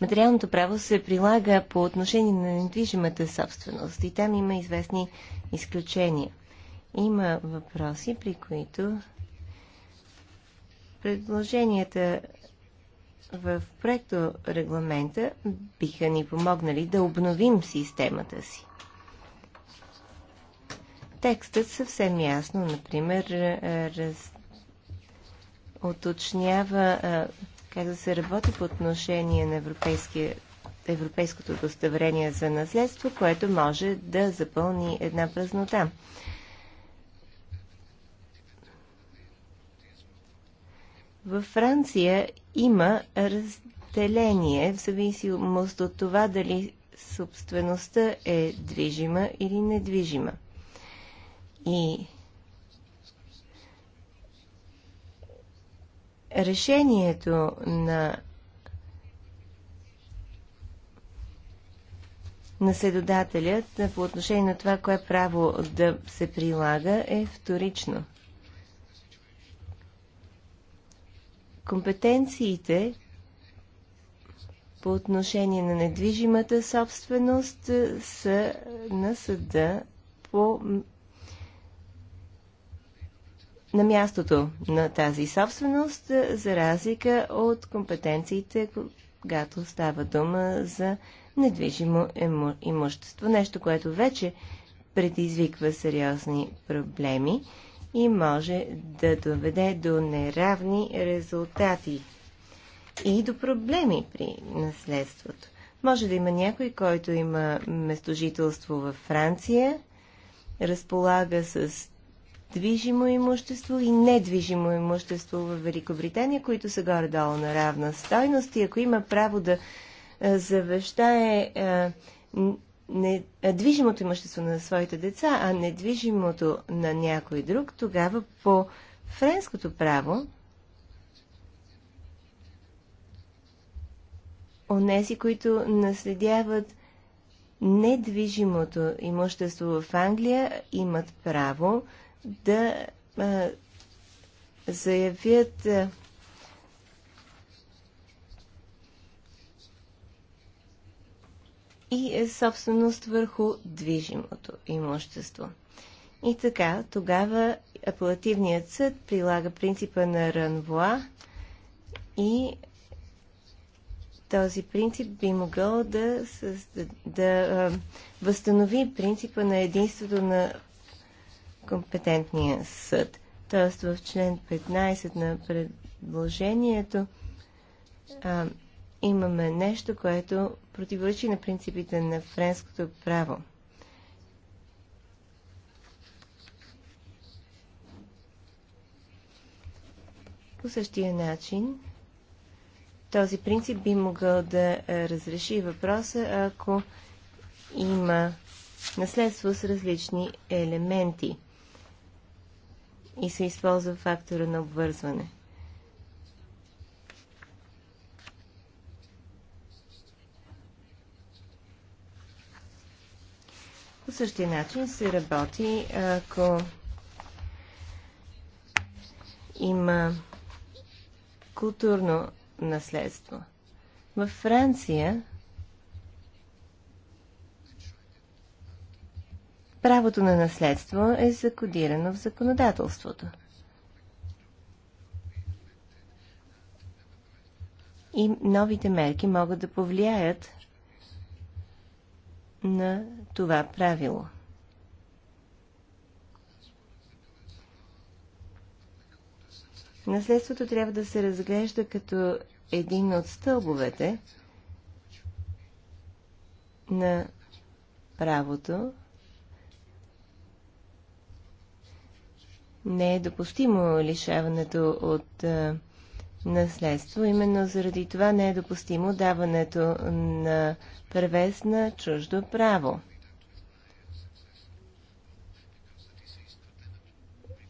Материалното право се прилага по отношение на недвижимата собственост и там има известни изключения. Има въпроси, при които предложенията в проекто регламента биха ни помогнали да обновим системата си. Текстът съвсем ясно, например, е, е, раз... уточнява е, как да се работи по отношение на европейския европейското удостоверение за наследство, което може да запълни една празнота. Във Франция има разделение в зависимост от това дали собствеността е движима или недвижима. И решението на наследодателят по отношение на това, кое право да се прилага, е вторично. компетенциите по отношение на недвижимата собственост е, са на съда по на мястото на тази собственост, е, за разлика от компетенциите, когато става дума за недвижимо имущество. Нещо, което вече предизвиква сериозни проблеми и може да доведе до неравни резултати и до проблеми при наследството. Може да има някой, който има местожителство във Франция, разполага с движимо имущество и недвижимо имущество в Великобритания, които са горе-долу на равна стойност и ако има право да завещае не, движимото имущество на своите деца, а недвижимото на някой друг, тогава по френското право онези, които наследяват недвижимото имущество в Англия, имат право да а, заявят а, и е собственост върху движимото имущество. И така, тогава апелативният съд прилага принципа на Ранвоа и този принцип би могъл да, да, да възстанови принципа на единството на компетентния съд. Тоест в член 15 на предложението а, имаме нещо, което противоречи на принципите на френското право. По същия начин, този принцип би могъл да разреши въпроса, ако има наследство с различни елементи и се използва фактора на обвързване. По същия начин се работи, ако има културно наследство. Във Франция правото на наследство е закодирано в законодателството. И новите мерки могат да повлияят на това правило. Наследството трябва да се разглежда като един от стълбовете на правото. Не е допустимо лишаването от а, наследство. Именно заради това не е допустимо даването на превес на чуждо право.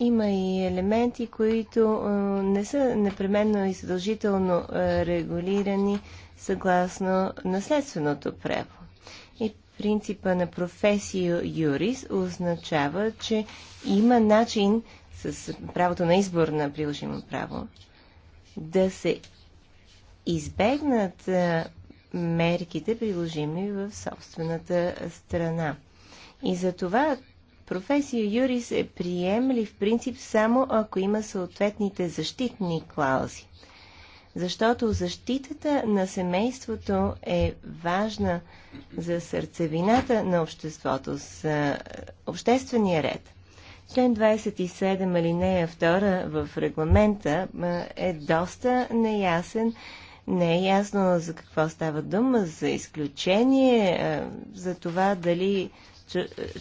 Има и елементи, които не са непременно и задължително регулирани съгласно наследственото право. И принципа на професио юрис означава, че има начин с правото на избор на приложимо право да се избегнат мерките, приложими в собствената страна. И за това професия юрис е в принцип само ако има съответните защитни клаузи. Защото защитата на семейството е важна за сърцевината на обществото, за обществения ред. Член 27 алинея 2 в регламента е доста неясен. Не е ясно за какво става дума, за изключение, за това дали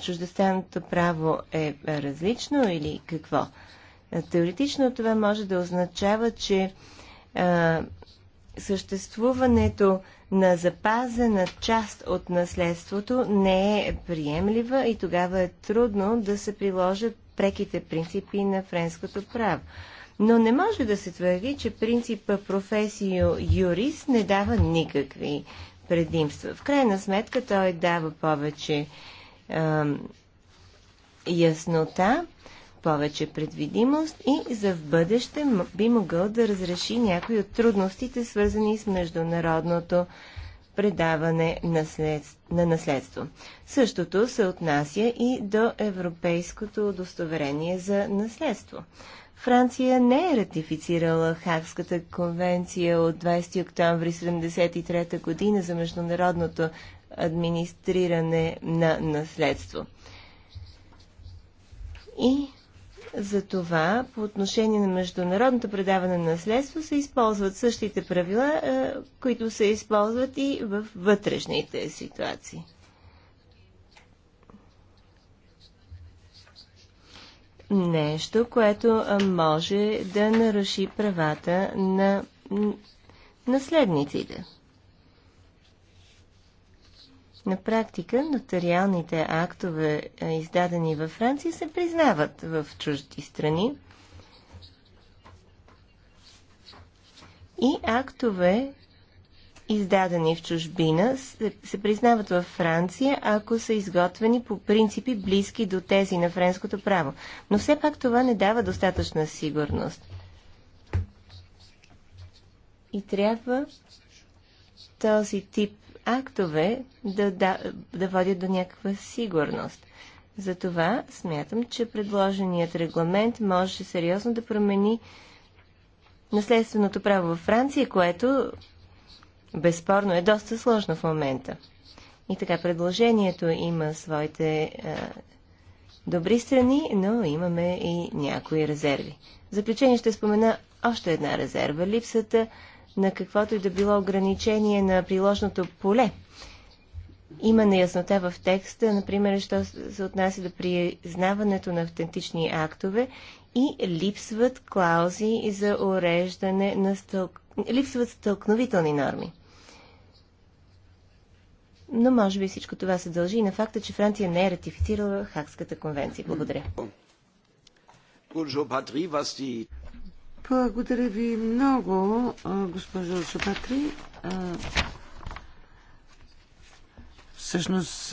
чуждестранното право е различно или какво. Теоретично това може да означава, че съществуването на запазена част от наследството не е приемлива и тогава е трудно да се приложат преките принципи на френското право. Но не може да се твърди, че принципа професио юрис не дава никакви предимства. В крайна сметка той дава повече е, яснота повече предвидимост и за в бъдеще би могъл да разреши някои от трудностите, свързани с международното предаване на, наследство. Същото се отнася и до Европейското удостоверение за наследство. Франция не е ратифицирала Хагската конвенция от 20 октомври 1973 година за международното администриране на наследство. И за това, по отношение на международното предаване на наследство се използват същите правила, е, които се използват и в вътрешните ситуации. Нещо, което е, може да наруши правата на наследниците. На практика нотариалните актове, е, издадени във Франция, се признават в чужди страни. И актове, издадени в чужбина, се признават във Франция, ако са изготвени по принципи близки до тези на френското право. Но все пак това не дава достатъчна сигурност. И трябва този тип актове да, да, да водят до някаква сигурност. Затова смятам, че предложеният регламент може сериозно да промени наследственото право във Франция, което безспорно е доста сложно в момента. И така, предложението има своите а, е, добри страни, но имаме и някои резерви. В заключение ще спомена още една резерва – липсата на каквото и да било ограничение на приложното поле. Има неяснота в текста, например, що се отнася до признаването на автентични актове и липсват клаузи за уреждане на стълк... липсват стълкновителни норми. Но може би всичко това се дължи и на факта, че Франция не е ратифицирала Хакската конвенция. Благодаря. Благодаря ви много, госпожо Шапатри. Всъщност,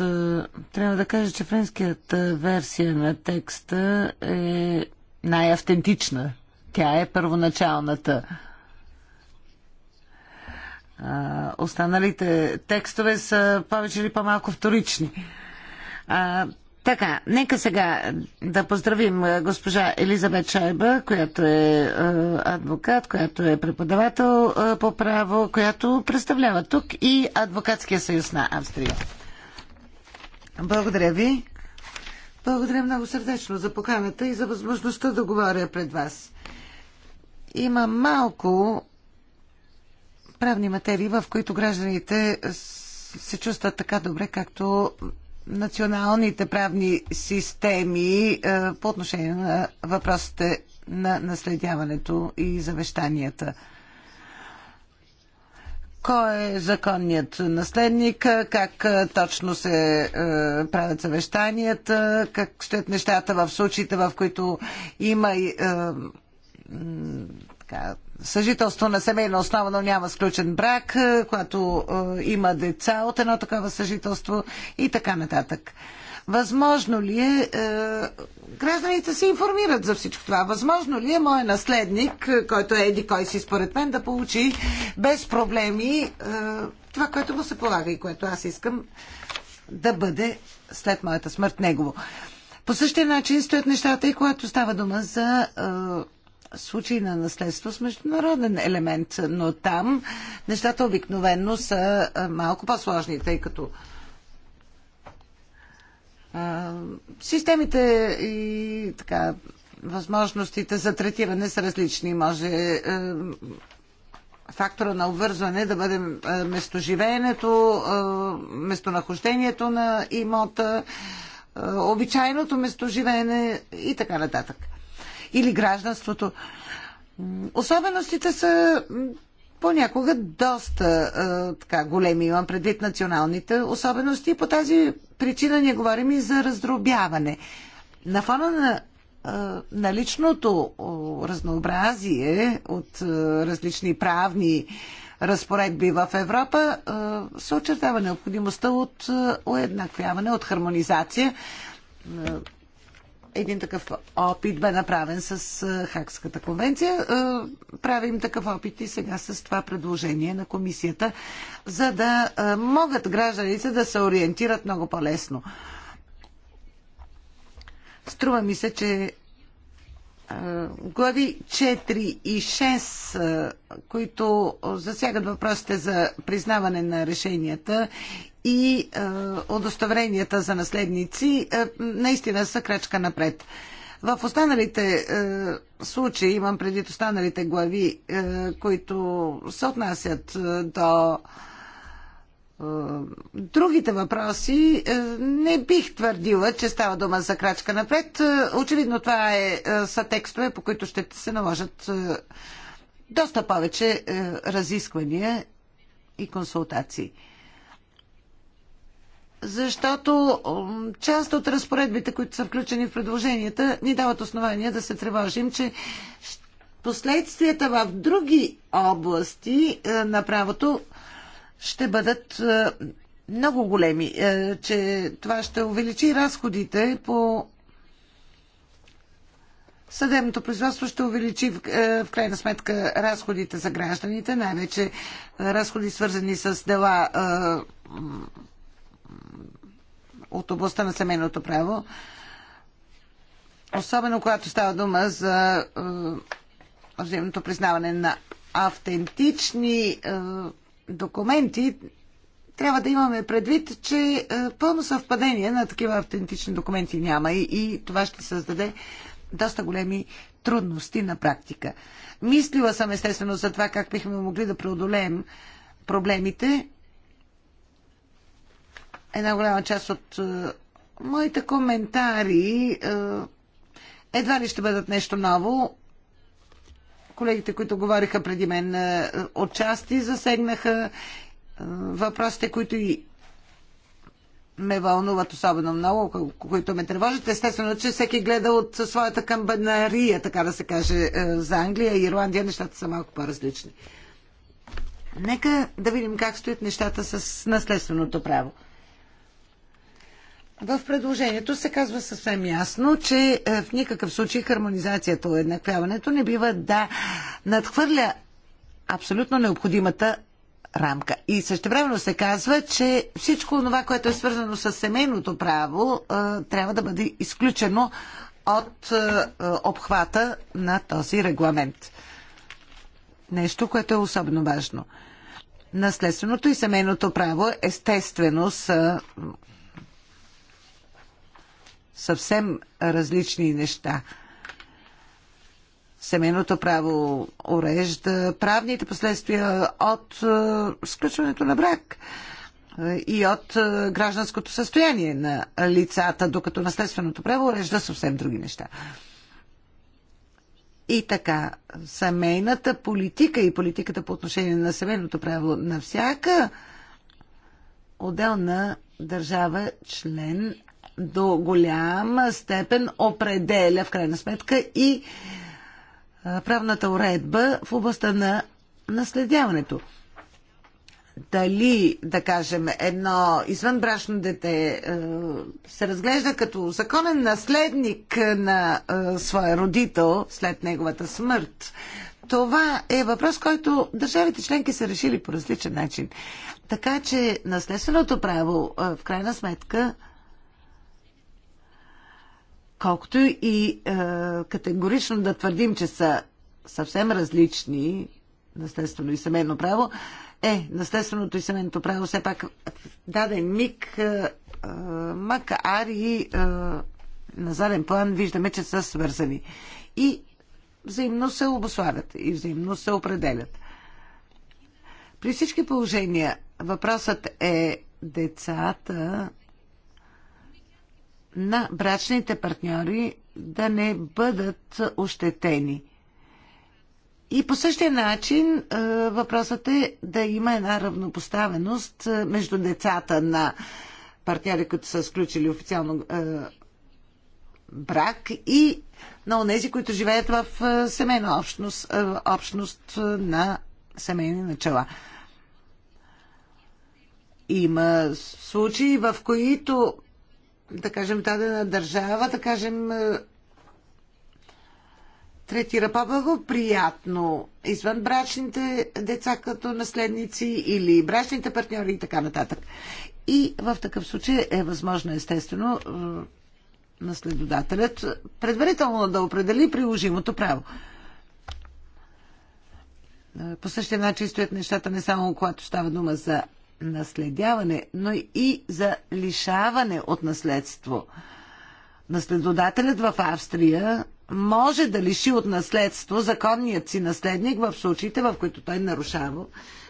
трябва да кажа, че френският версия на текста е най-автентична. Тя е първоначалната. останалите текстове са повече или по-малко вторични. Така, нека сега да поздравим госпожа Елизабет Шайба, която е адвокат, която е преподавател по право, която представлява тук и Адвокатския съюз на Австрия. Благодаря ви. Благодаря много сърдечно за поканата и за възможността да говоря пред вас. Има малко правни материи, в които гражданите се чувстват така добре, както националните правни системи е, по отношение на въпросите на наследяването и завещанията. Кой е законният наследник, как е, точно се е, правят завещанията, как стоят нещата в случаите, в които има така, съжителство на семейна основа, но няма сключен брак, е, когато е, има деца от едно такова съжителство и така нататък. Възможно ли е, е, гражданите се информират за всичко това, възможно ли е мой наследник, е, който е еди кой си според мен, да получи без проблеми е, това, което му се полага и което аз искам да бъде след моята смърт негово. По същия начин стоят нещата и когато става дума за е, случаи на наследство с международен елемент, но там нещата обикновенно са малко по-сложни, тъй като системите и така възможностите за третиране са различни. Може фактора на обвързване да бъде местоживеенето, местонахождението на имота, обичайното местоживеене и така нататък или гражданството. Особеностите са понякога доста така, големи, имам предвид националните особености. И По тази причина ние говорим и за раздробяване. На фона на наличното разнообразие от различни правни разпоредби в Европа се очертава необходимостта от уеднаквяване, от хармонизация един такъв опит бе направен с Хакската конвенция. Правим такъв опит и сега с това предложение на комисията, за да могат гражданите да се ориентират много по-лесно. Струва ми се, че глави 4 и 6, които засягат въпросите за признаване на решенията и удостоверенията за наследници наистина са крачка напред. В останалите е, случаи, имам преди останалите глави, е, които се отнасят е, до другите въпроси, не бих твърдила, че става дума за крачка напред. Очевидно това е, са текстове, по които ще се наложат доста повече разисквания и консултации защото част от разпоредбите, които са включени в предложенията, ни дават основания да се тревожим, че последствията в други области е, на правото ще бъдат е, много големи, е, че това ще увеличи разходите по съдебното производство ще увеличи в крайна сметка разходите за гражданите, най-вече разходи свързани с дела от областта на семейното право, особено когато става дума за е, взаимното признаване на автентични е, документи, трябва да имаме предвид, че е, пълно съвпадение на такива автентични документи няма и, и това ще създаде доста големи трудности на практика. Мислила съм естествено за това как бихме могли да преодолеем проблемите една голяма част от е, моите коментари е, едва ли ще бъдат нещо ново. Колегите, които говориха преди мен, е, отчасти засегнаха въпросите, които и ме вълнуват особено много, които ме тревожат. Естествено, че всеки гледа от своята камбанария, така да се каже, за Англия и Ирландия. Нещата са малко по-различни. Нека да видим как стоят нещата с наследственото право. В предложението се казва съвсем ясно, че е, в никакъв случай хармонизацията, уеднаквяването не бива да надхвърля абсолютно необходимата рамка. И същевременно се казва, че всичко това, което е свързано с семейното право, е, трябва да бъде изключено от е, обхвата на този регламент. Нещо, което е особено важно. Наследственото и семейното право естествено са съвсем различни неща. Семейното право урежда правните последствия от е, сключването на брак е, и от е, гражданското състояние на лицата, докато наследственото право урежда съвсем други неща. И така, семейната политика и политиката по отношение на семейното право на всяка отделна държава член до голяма степен определя в крайна сметка и правната уредба в областта на наследяването. Дали, да кажем, едно извънбрашно дете се разглежда като законен наследник на своя родител след неговата смърт, това е въпрос, който държавите членки са решили по различен начин. Така че наследственото право, в крайна сметка, Колкото и е, категорично да твърдим, че са съвсем различни наследствено и семейно право, е, наследственото и семейното право все пак даден миг, е, е, макар и е, на заден план, виждаме, че са свързани. И взаимно се обославят и взаимно се определят. При всички положения въпросът е децата на брачните партньори да не бъдат ощетени. И по същия начин е, въпросът е да има една равнопоставеност е, между децата на партньори, които са сключили официално е, брак и на онези, които живеят в семейна общност, общност на семейни начала. Има случаи, в които да кажем, дадена държава, да кажем, е, третира по-благоприятно брачните деца като наследници или брачните партньори и така нататък. И в такъв случай е възможно, естествено, е, наследодателят предварително да определи приложимото право. Е, по същия начин стоят нещата не само когато става дума за наследяване, но и за лишаване от наследство. Наследодателят в Австрия може да лиши от наследство законният си наследник в случаите, в които той нарушава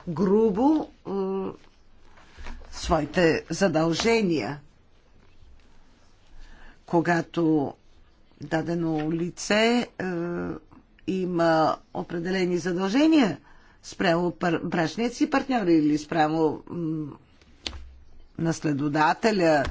грубо е, своите задължения. Когато дадено лице е, има определени задължения спрямо пар... брачният си партньор или спрямо наследодателя.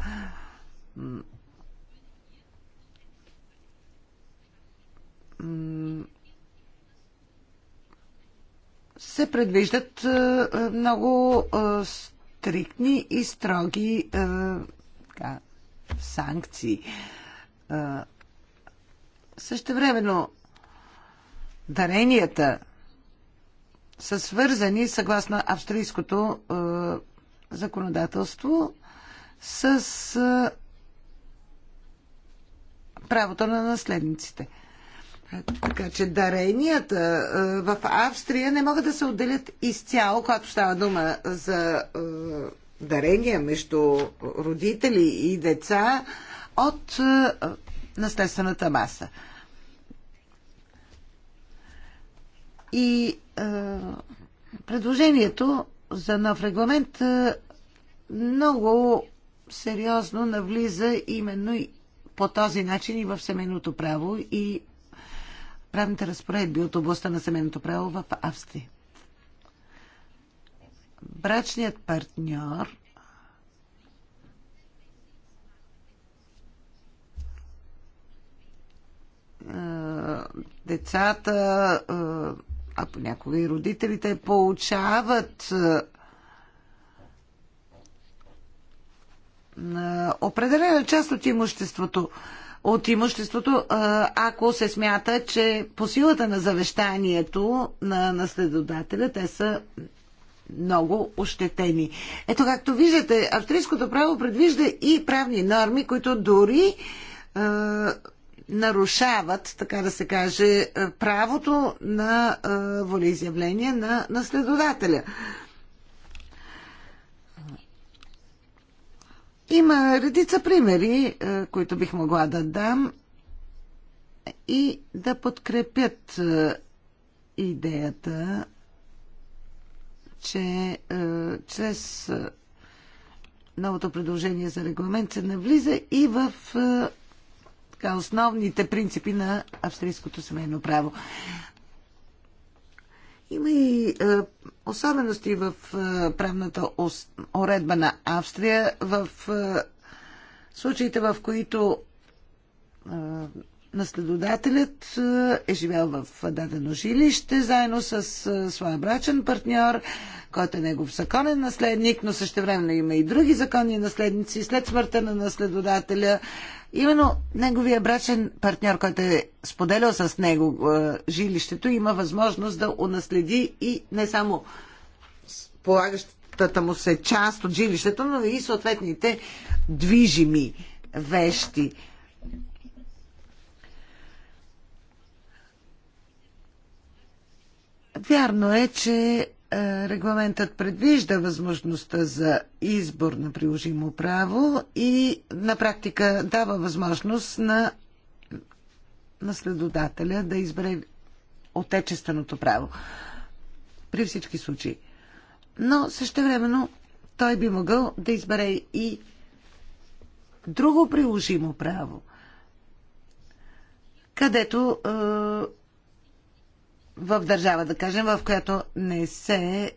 се предвиждат е, е, много е, стриктни и строги така, санкции. времено даренията са свързани, съгласно австрийското е, законодателство, с е, правото на наследниците. Така че даренията е, в Австрия не могат да се отделят изцяло, когато става дума за е, дарения между родители и деца от е, наследствената маса. И е, предложението за нов регламент е, много сериозно навлиза именно и по този начин и в семейното право и правните разпоредби от областта на семейното право в Австрия. Брачният партньор е, децата е, а понякога и родителите получават е, е, определена част от имуществото. От имуществото, е, ако се смята, че по силата на завещанието на наследодателя те са много ощетени. Ето както виждате, австрийското право предвижда и правни норми, които дори нарушават, така да се каже, е, правото на е, волеизявление на наследодателя. Има редица примери, е, които бих могла да дам и да подкрепят идеята, че чрез новото предложение за регламент се навлиза и в така, основните принципи на австрийското семейно право. Има и е, особености в е, правната ос, уредба на Австрия, в е, случаите, в които е, Наследодателят е, е живял в дадено жилище заедно с е, своя брачен партньор, който е негов законен наследник, но същевременно има и други законни наследници. След смъртта на наследодателя, именно неговия брачен партньор, който е споделял с него е, жилището, има възможност да унаследи и не само полагащата му се част от жилището, но и съответните движими вещи. Вярно е, че е, регламентът предвижда възможността за избор на приложимо право и на практика дава възможност на наследодателя да избере отечественото право. При всички случаи. Но същевременно той би могъл да избере и друго приложимо право, където е, в държава, да кажем, в която не се е,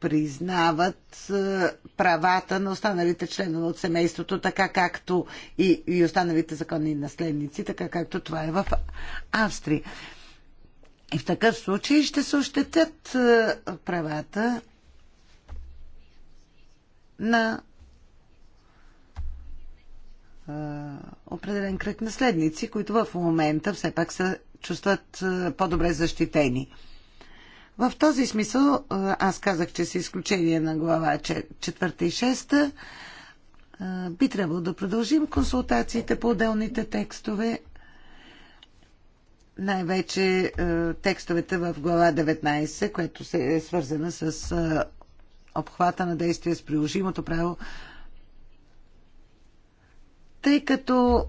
признават е, правата на останалите членове от семейството, така както и, и останалите законни наследници, така както това е в Австрия. И в такъв случай ще се ощетят е, правата на е, определен кръг наследници, които в момента все пак са чувстват е, по-добре защитени. В този смисъл е, аз казах, че с изключение на глава 4 и 6 е, би трябвало да продължим консултациите по отделните текстове, най-вече текстовете в глава 19, което се е свързана с обхвата на действие с приложимото право, тъй като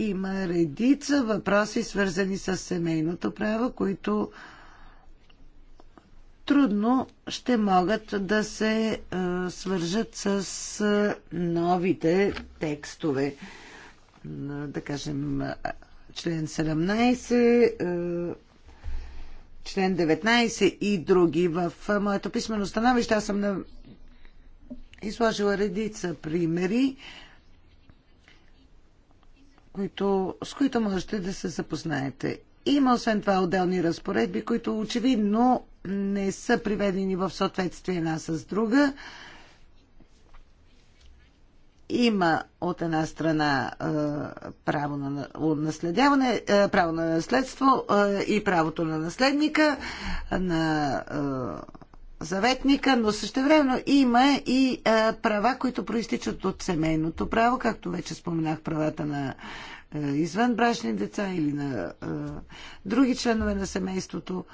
има редица въпроси, свързани с семейното право, които трудно ще могат да се е, свържат с е, новите текстове. Да кажем, член 17 е, член 19 и други. В моето писмено становище аз съм на... изложила редица примери които, с които можете да се запознаете. Има освен това отделни разпоредби, които очевидно не са приведени в съответствие една с друга. Има от една страна право на наследяване, право на наследство и правото на наследника, на заветника, но същевременно има и а, права, които проистичат от семейното право, както вече споменах, правата на а, извънбрачни деца или на а, други членове на семейството.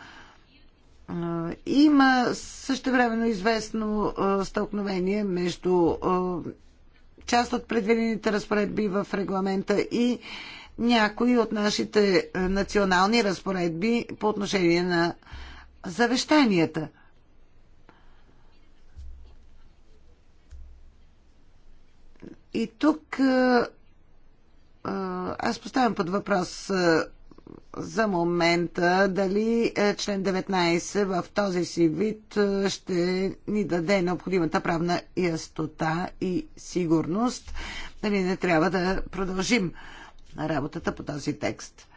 А, има същевременно известно а, стълкновение между а, част от предвидените разпоредби в регламента и някои от нашите национални разпоредби по отношение на завещанията – И тук аз поставям под въпрос за момента дали член 19 в този си вид ще ни даде необходимата правна ястота и сигурност, дали не трябва да продължим работата по този текст.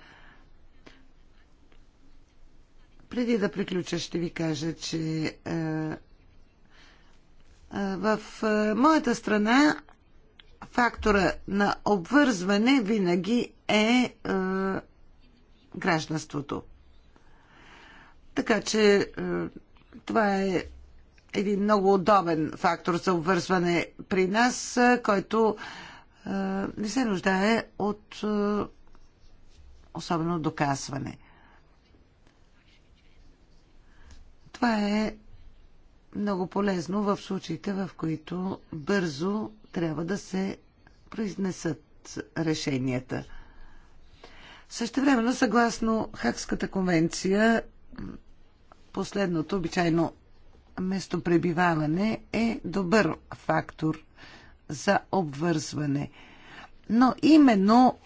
Преди да приключа, ще ви кажа, че в моята страна фактора на обвързване винаги е, е гражданството. Така че е, това е един много удобен фактор за обвързване при нас, е, който е, не се нуждае от е, особено доказване. Това е много полезно в случаите, в които бързо трябва да се произнесат решенията. Също времено, съгласно Хакската конвенция, последното обичайно местопребиваване е добър фактор за обвързване. Но именно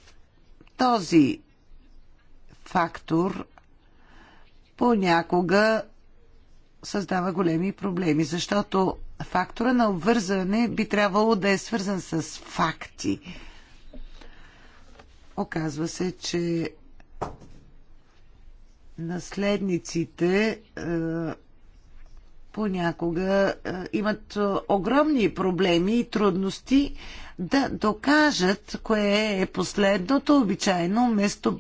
този фактор понякога създава големи проблеми, защото фактора на обвързване би трябвало да е свързан с факти. Оказва се, че наследниците е, понякога е, имат огромни проблеми и трудности да докажат кое е последното обичайно место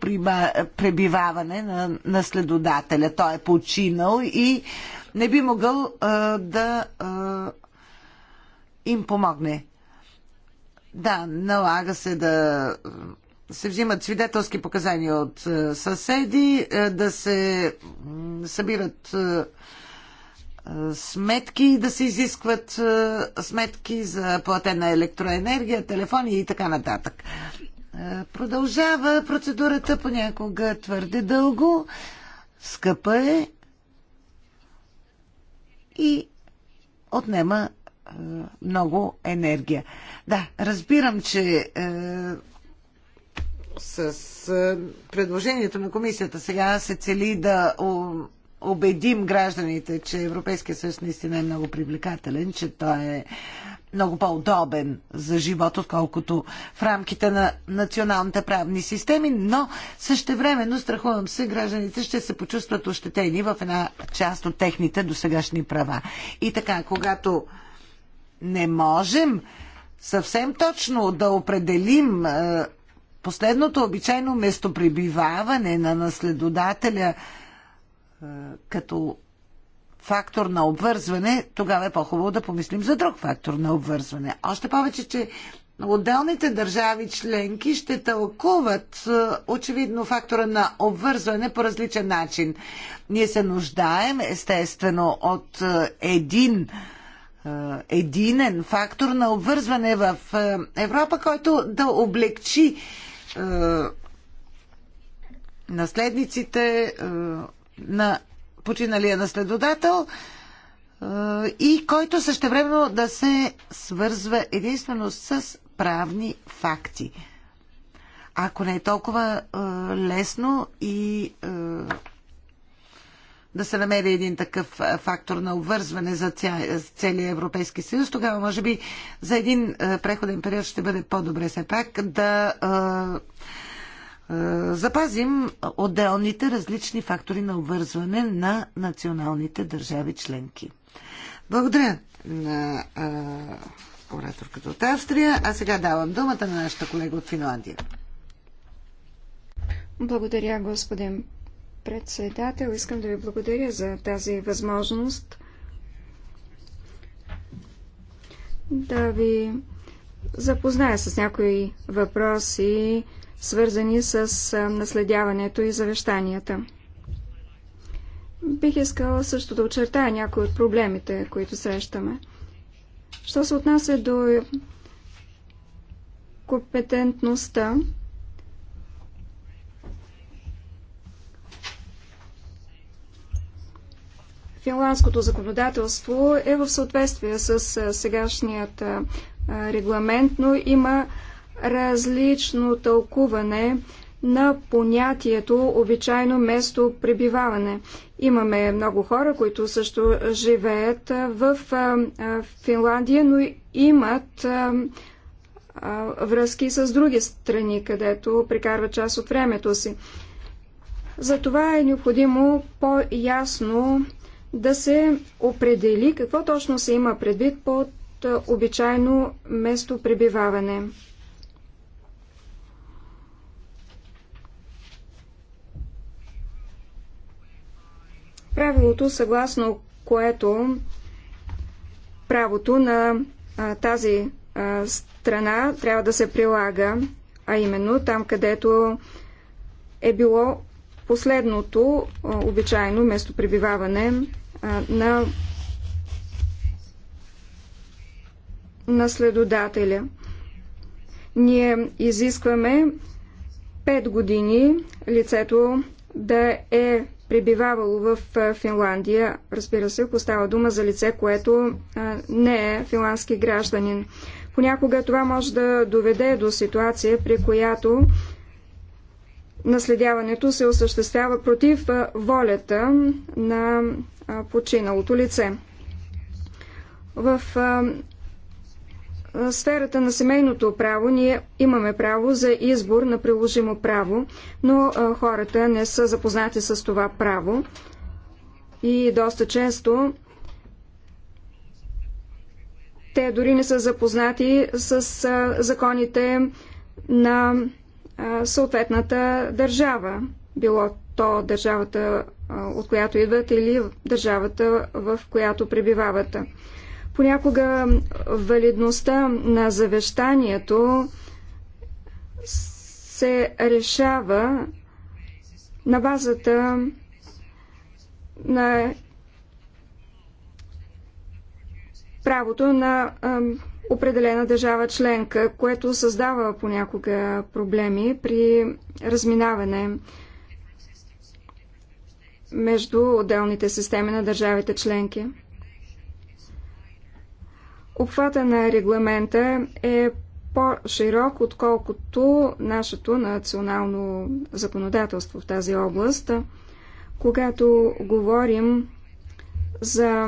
пребиваване на наследодателя. Той е починал и е, не би могъл а, да а, им помогне. Да, налага се да се взимат свидетелски показания от съседи, да се събират сметки и да се изискват сметки за платена електроенергия, телефони и така нататък. Продължава процедурата понякога твърде дълго, скъпа е и отнема е, много енергия. Да, разбирам, че е, с е, предложението на комисията сега се цели да убедим гражданите, че Европейския съюз наистина е много привлекателен, че той е много по-удобен за живот, отколкото в рамките на националните правни системи, но същевременно, страхувам се, гражданите ще се почувстват ощетени в една част от техните досегашни права. И така, когато не можем съвсем точно да определим е, последното обичайно местопребиваване на наследодателя е, като фактор на обвързване, тогава е по-хубаво да помислим за друг фактор на обвързване. Още повече, че отделните държави членки ще тълкуват е, очевидно фактора на обвързване по различен начин. Ние се нуждаем естествено от е, един е, единен фактор на обвързване в Европа, който да облегчи наследниците на починалия е наследодател е, и който същевременно да се свързва единствено с правни факти. Ако не е толкова е, лесно и да се намери един такъв фактор на обвързване за целия Европейски съюз, тогава може би за един преходен период ще бъде по-добре все пак да е, запазим отделните различни фактори на обвързване на националните държави членки. Благодаря на е, ораторката от Австрия, а сега давам думата на нашата колега от Финландия. Благодаря, господин председател. Искам да ви благодаря за тази възможност да ви запозная с някои въпроси, свързани с наследяването и завещанията. Бих искала също да очертая някои от проблемите, които срещаме. Що се отнася до компетентността, финландското законодателство е в съответствие с сегашният регламент, но има различно тълкуване на понятието обичайно место пребиваване. Имаме много хора, които също живеят в Финландия, но имат връзки с други страни, където прекарват част от времето си. Затова е необходимо по-ясно да се определи какво точно се има предвид под обичайно место пребиваване. Правилото, съгласно което правото на а, тази а, страна трябва да се прилага, а именно там, където е било последното а, обичайно местопребиваване а, на наследодателя. Ние изискваме 5 години лицето да е пребивавало в Финландия, разбира се, ако става дума за лице, което не е финландски гражданин. Понякога това може да доведе до ситуация, при която наследяването се осъществява против волята на починалото лице. В сферата на семейното право ние имаме право за избор на приложимо право, но хората не са запознати с това право и доста често те дори не са запознати с законите на съответната държава, било то държавата, от която идват или държавата, в която пребивават. Понякога валидността на завещанието се решава на базата на правото на определена държава членка, което създава понякога проблеми при разминаване между отделните системи на държавите членки. Обхвата на регламента е по-широк, отколкото нашето национално законодателство в тази област. Когато говорим за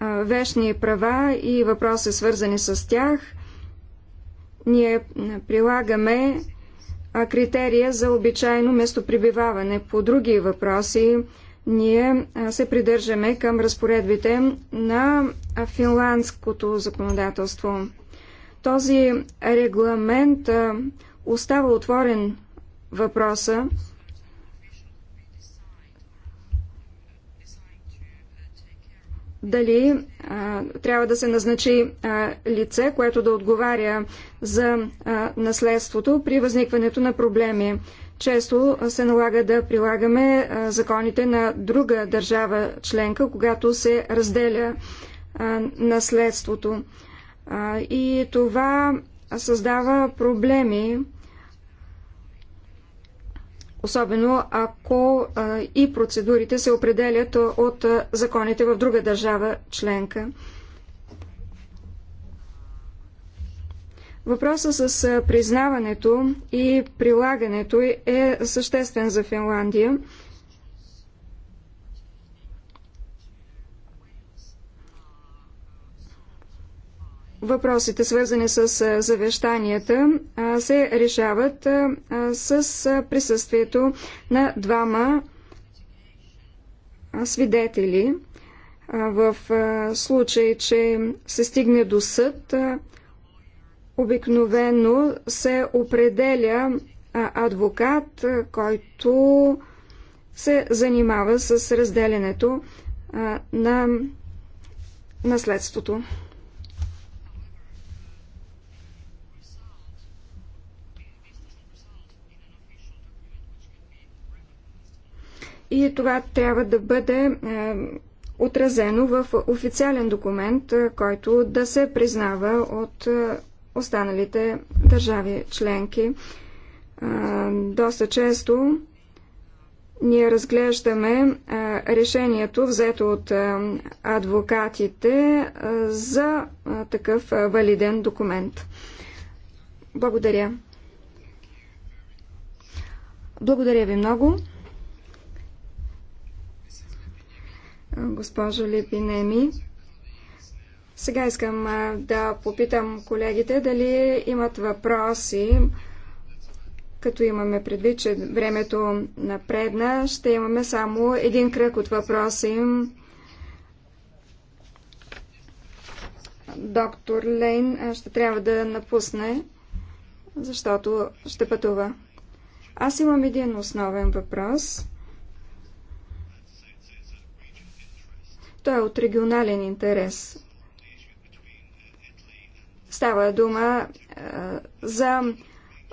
вечни права и въпроси свързани с тях, ние прилагаме критерия за обичайно местопребиваване. По други въпроси, ние се придържаме към разпоредбите на финландското законодателство. Този регламент остава отворен въпроса дали а, трябва да се назначи а, лице, което да отговаря за а, наследството при възникването на проблеми често се налага да прилагаме законите на друга държава членка, когато се разделя наследството. И това създава проблеми, особено ако и процедурите се определят от законите в друга държава членка. Въпросът с признаването и прилагането е съществен за Финландия. Въпросите, свързани с завещанията, се решават с присъствието на двама свидетели. В случай, че се стигне до съд, обикновено се определя адвокат, който се занимава с разделянето на наследството. И това трябва да бъде отразено в официален документ, който да се признава от останалите държави членки. Доста често ние разглеждаме решението, взето от адвокатите, за такъв валиден документ. Благодаря. Благодаря ви много. Госпожо Лепинеми, сега искам да попитам колегите дали имат въпроси. Като имаме предвид, че времето напредна, ще имаме само един кръг от въпроси. Доктор Лейн ще трябва да напусне, защото ще пътува. Аз имам един основен въпрос. Той е от регионален интерес. Става дума за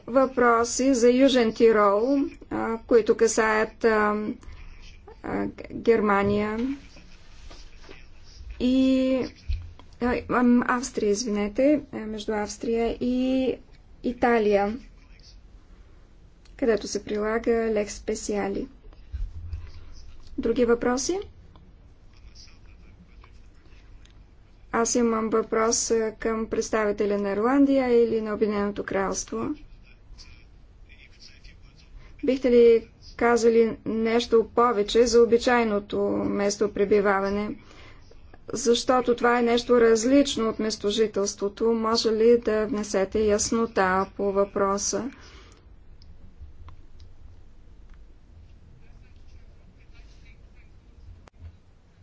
въпроси за Южен Тирол, които касаят Германия и Австрия, извинете, между Австрия и Италия, където се прилага лек специали. Други въпроси? Аз имам въпрос към представителя на Ирландия или на Обединеното кралство. Бихте ли казали нещо повече за обичайното место пребиваване? Защото това е нещо различно от местожителството. Може ли да внесете яснота по въпроса?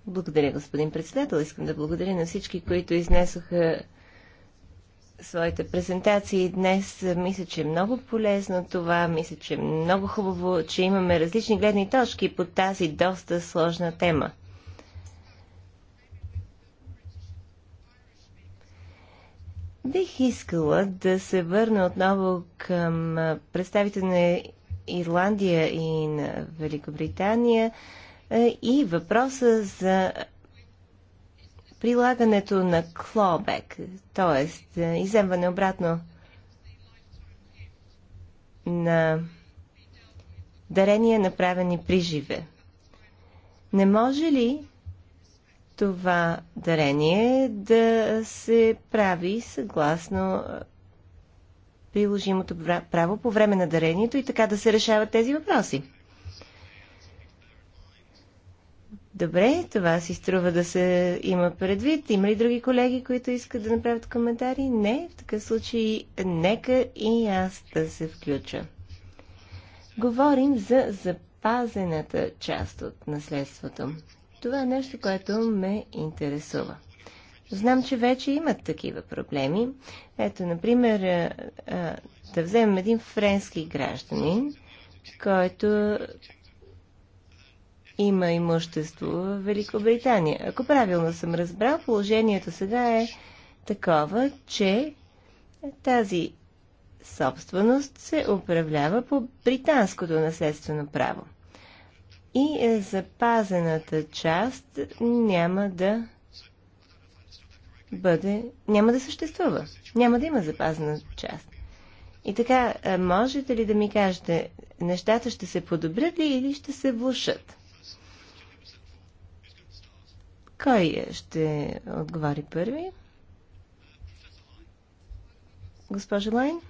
Благодаря, господин председател. Искам да благодаря на всички, които изнесоха своите презентации днес. Е, мисля, че е много полезно това. Мисля, че е много хубаво, че имаме различни гледни точки по тази доста сложна тема. Бих искала да се върна отново към представите на Ирландия и на Великобритания е, и въпроса за прилагането на клобек, т.е. иземване обратно на дарения, направени при живе. Не може ли това дарение да се прави съгласно е, приложимото право по време на дарението и така да се решават тези въпроси? Добре, това си струва да се има предвид. Има ли други колеги, които искат да направят коментари? Не, в такъв случай нека и аз да се включа. Говорим за запазената част от наследството. Това е нещо, което ме интересува. Знам, че вече имат такива проблеми. Ето, например, да вземем един френски гражданин, който има имущество в Великобритания. Ако правилно съм разбрал, положението сега е такова, че тази собственост се управлява по британското наследствено право. И е, запазената част няма да бъде, няма да съществува. Няма да има запазена част. И така, е, можете ли да ми кажете, нещата ще се подобрят ли или ще се влушат? Кой ще отговори първи? Госпожа Лайн?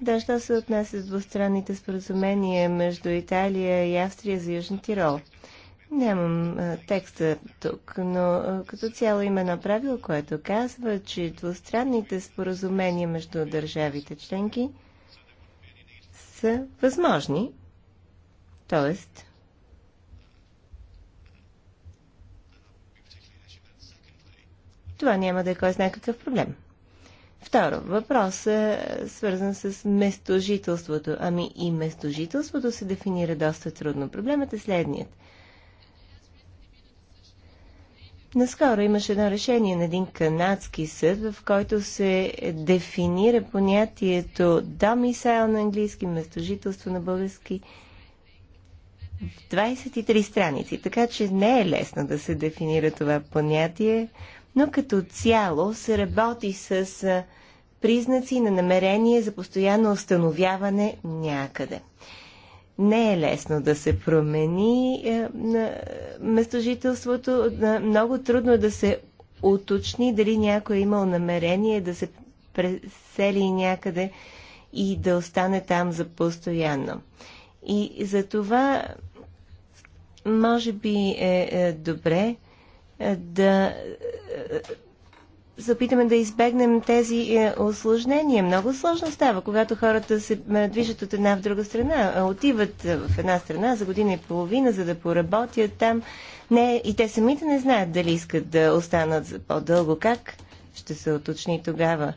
Да, що се отнася с двустранните споразумения между Италия и Австрия за Южен Тирол? Нямам а, текста тук, но а, като цяло има едно правило, което казва, че двустранните споразумения между държавите членки са възможни. Тоест, Това няма да е кой знае какъв проблем. Второ, въпрос е, е свързан с местожителството. Ами и местожителството се дефинира доста трудно. Проблемът е следният. Наскоро имаше едно решение на един канадски съд, в който се дефинира понятието домисайл на английски, местожителство на български в 23 страници. Така че не е лесно да се дефинира това понятие но като цяло се работи с признаци на намерение за постоянно установяване някъде. Не е лесно да се промени е, местожителството. Много трудно е да се уточни дали някой е имал намерение да се пресели някъде и да остане там за постоянно. И за това може би е, е добре е, да е, е, се опитаме да избегнем тези осложнения. Много сложно става, когато хората се движат от една в друга страна. Отиват в една страна за година и половина, за да поработят там. Не, и те самите не знаят дали искат да останат по-дълго. Как ще се оточни тогава?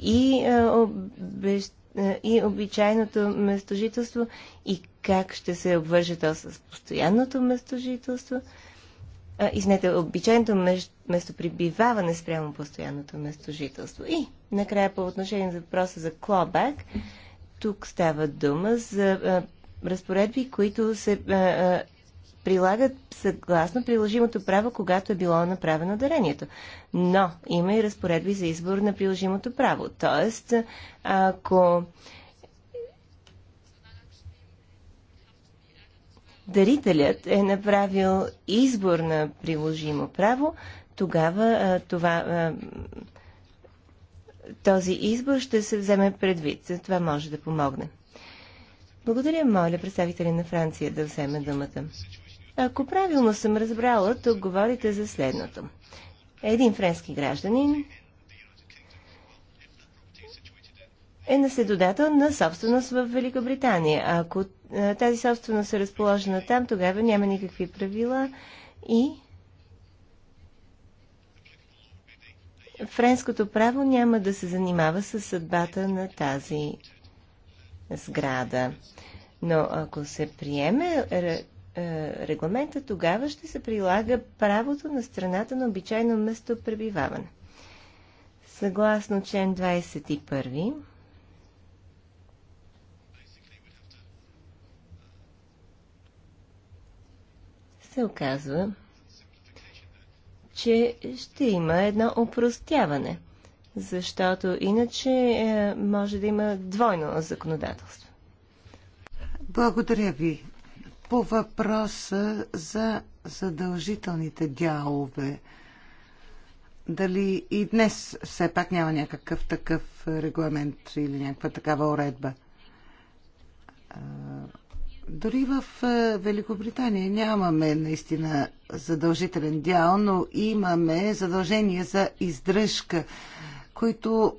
И, обещ... и обичайното местожителство и как ще се обвърже то с постоянното местожителство? изнете обичайното местоприбиваване спрямо постоянното местожителство. И накрая по отношение на въпроса за клобак, тук става дума за а, разпоредби, които се а, а, прилагат съгласно приложимото право, когато е било направено дарението. Но има и разпоредби за избор на приложимото право. Тоест, ако дарителят е направил избор на приложимо право, тогава това, този избор ще се вземе предвид. За това може да помогне. Благодаря, моля, представители на Франция да вземе думата. Ако правилно съм разбрала, то, говорите за следното. Един френски гражданин е наследодател на собственост в Великобритания. А ако е, тази собственост е разположена там, тогава няма никакви правила и френското право няма да се занимава с съдбата на тази сграда. Но ако се приеме е, регламента, тогава ще се прилага правото на страната на обичайно местопребиваване. Съгласно член 21, се оказва, че ще има едно упростяване, защото иначе е, може да има двойно законодателство. Благодаря ви. По въпроса за задължителните дялове, дали и днес все пак няма някакъв такъв регламент или някаква такава уредба? Дори в е, Великобритания нямаме наистина задължителен дял, но имаме задължения за издръжка, които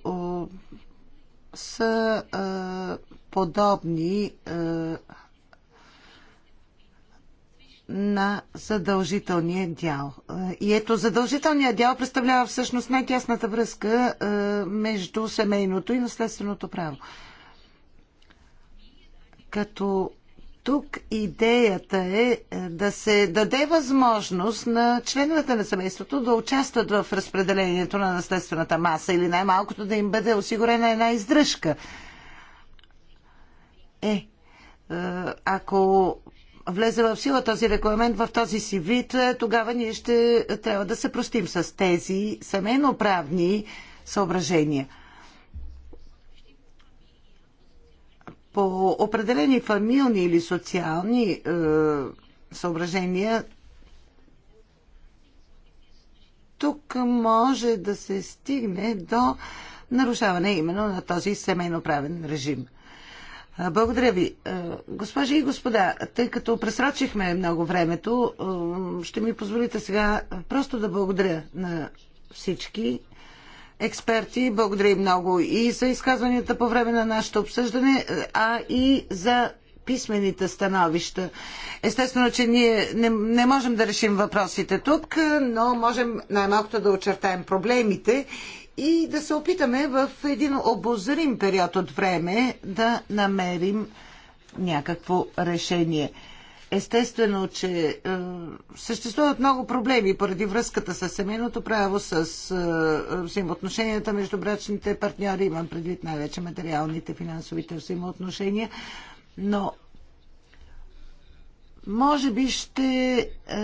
са е, подобни е, на задължителния дял. И ето, задължителният дял представлява всъщност най-тясната връзка между семейното и наследственото право. Като тук идеята е, е да се даде възможност на членовете на семейството да участват в разпределението на наследствената маса или най-малкото да им бъде осигурена една издръжка. Е, е ако влезе в сила този регламент в този си вид, е, тогава ние ще трябва да се простим с тези семейноправни съображения – по определени фамилни или социални е, съображения, тук може да се стигне до нарушаване именно на този семейно-правен режим. Е, благодаря ви. Е, госпожи и господа, тъй като пресрочихме много времето, е, ще ми позволите сега просто да благодаря на всички експерти. Благодарим много и за изказванията по време на нашето обсъждане, а и за писмените становища. Естествено, че ние не, не можем да решим въпросите тук, но можем най-малкото да очертаем проблемите и да се опитаме в един обозрим период от време да намерим някакво решение. Естествено, че е, съществуват много проблеми поради връзката с семейното право, с е, взаимоотношенията между брачните партньори, имам предвид най-вече материалните, финансовите взаимоотношения, но може би ще е,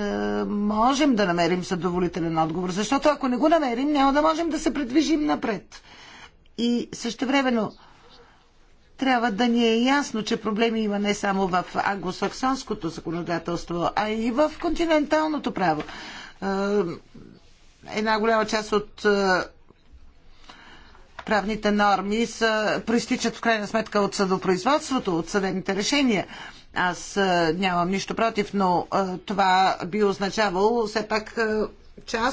можем да намерим задоволителен отговор, защото ако не го намерим, няма да можем да се предвижим напред. И същевременно времено трябва да ни е ясно, че проблеми има не само в англосаксонското законодателство, а и в континенталното право. Е, една голяма част от е, правните норми са, проистичат в крайна сметка от съдопроизводството, от съдебните решения. Аз е, нямам нищо против, но това би означавало все пак част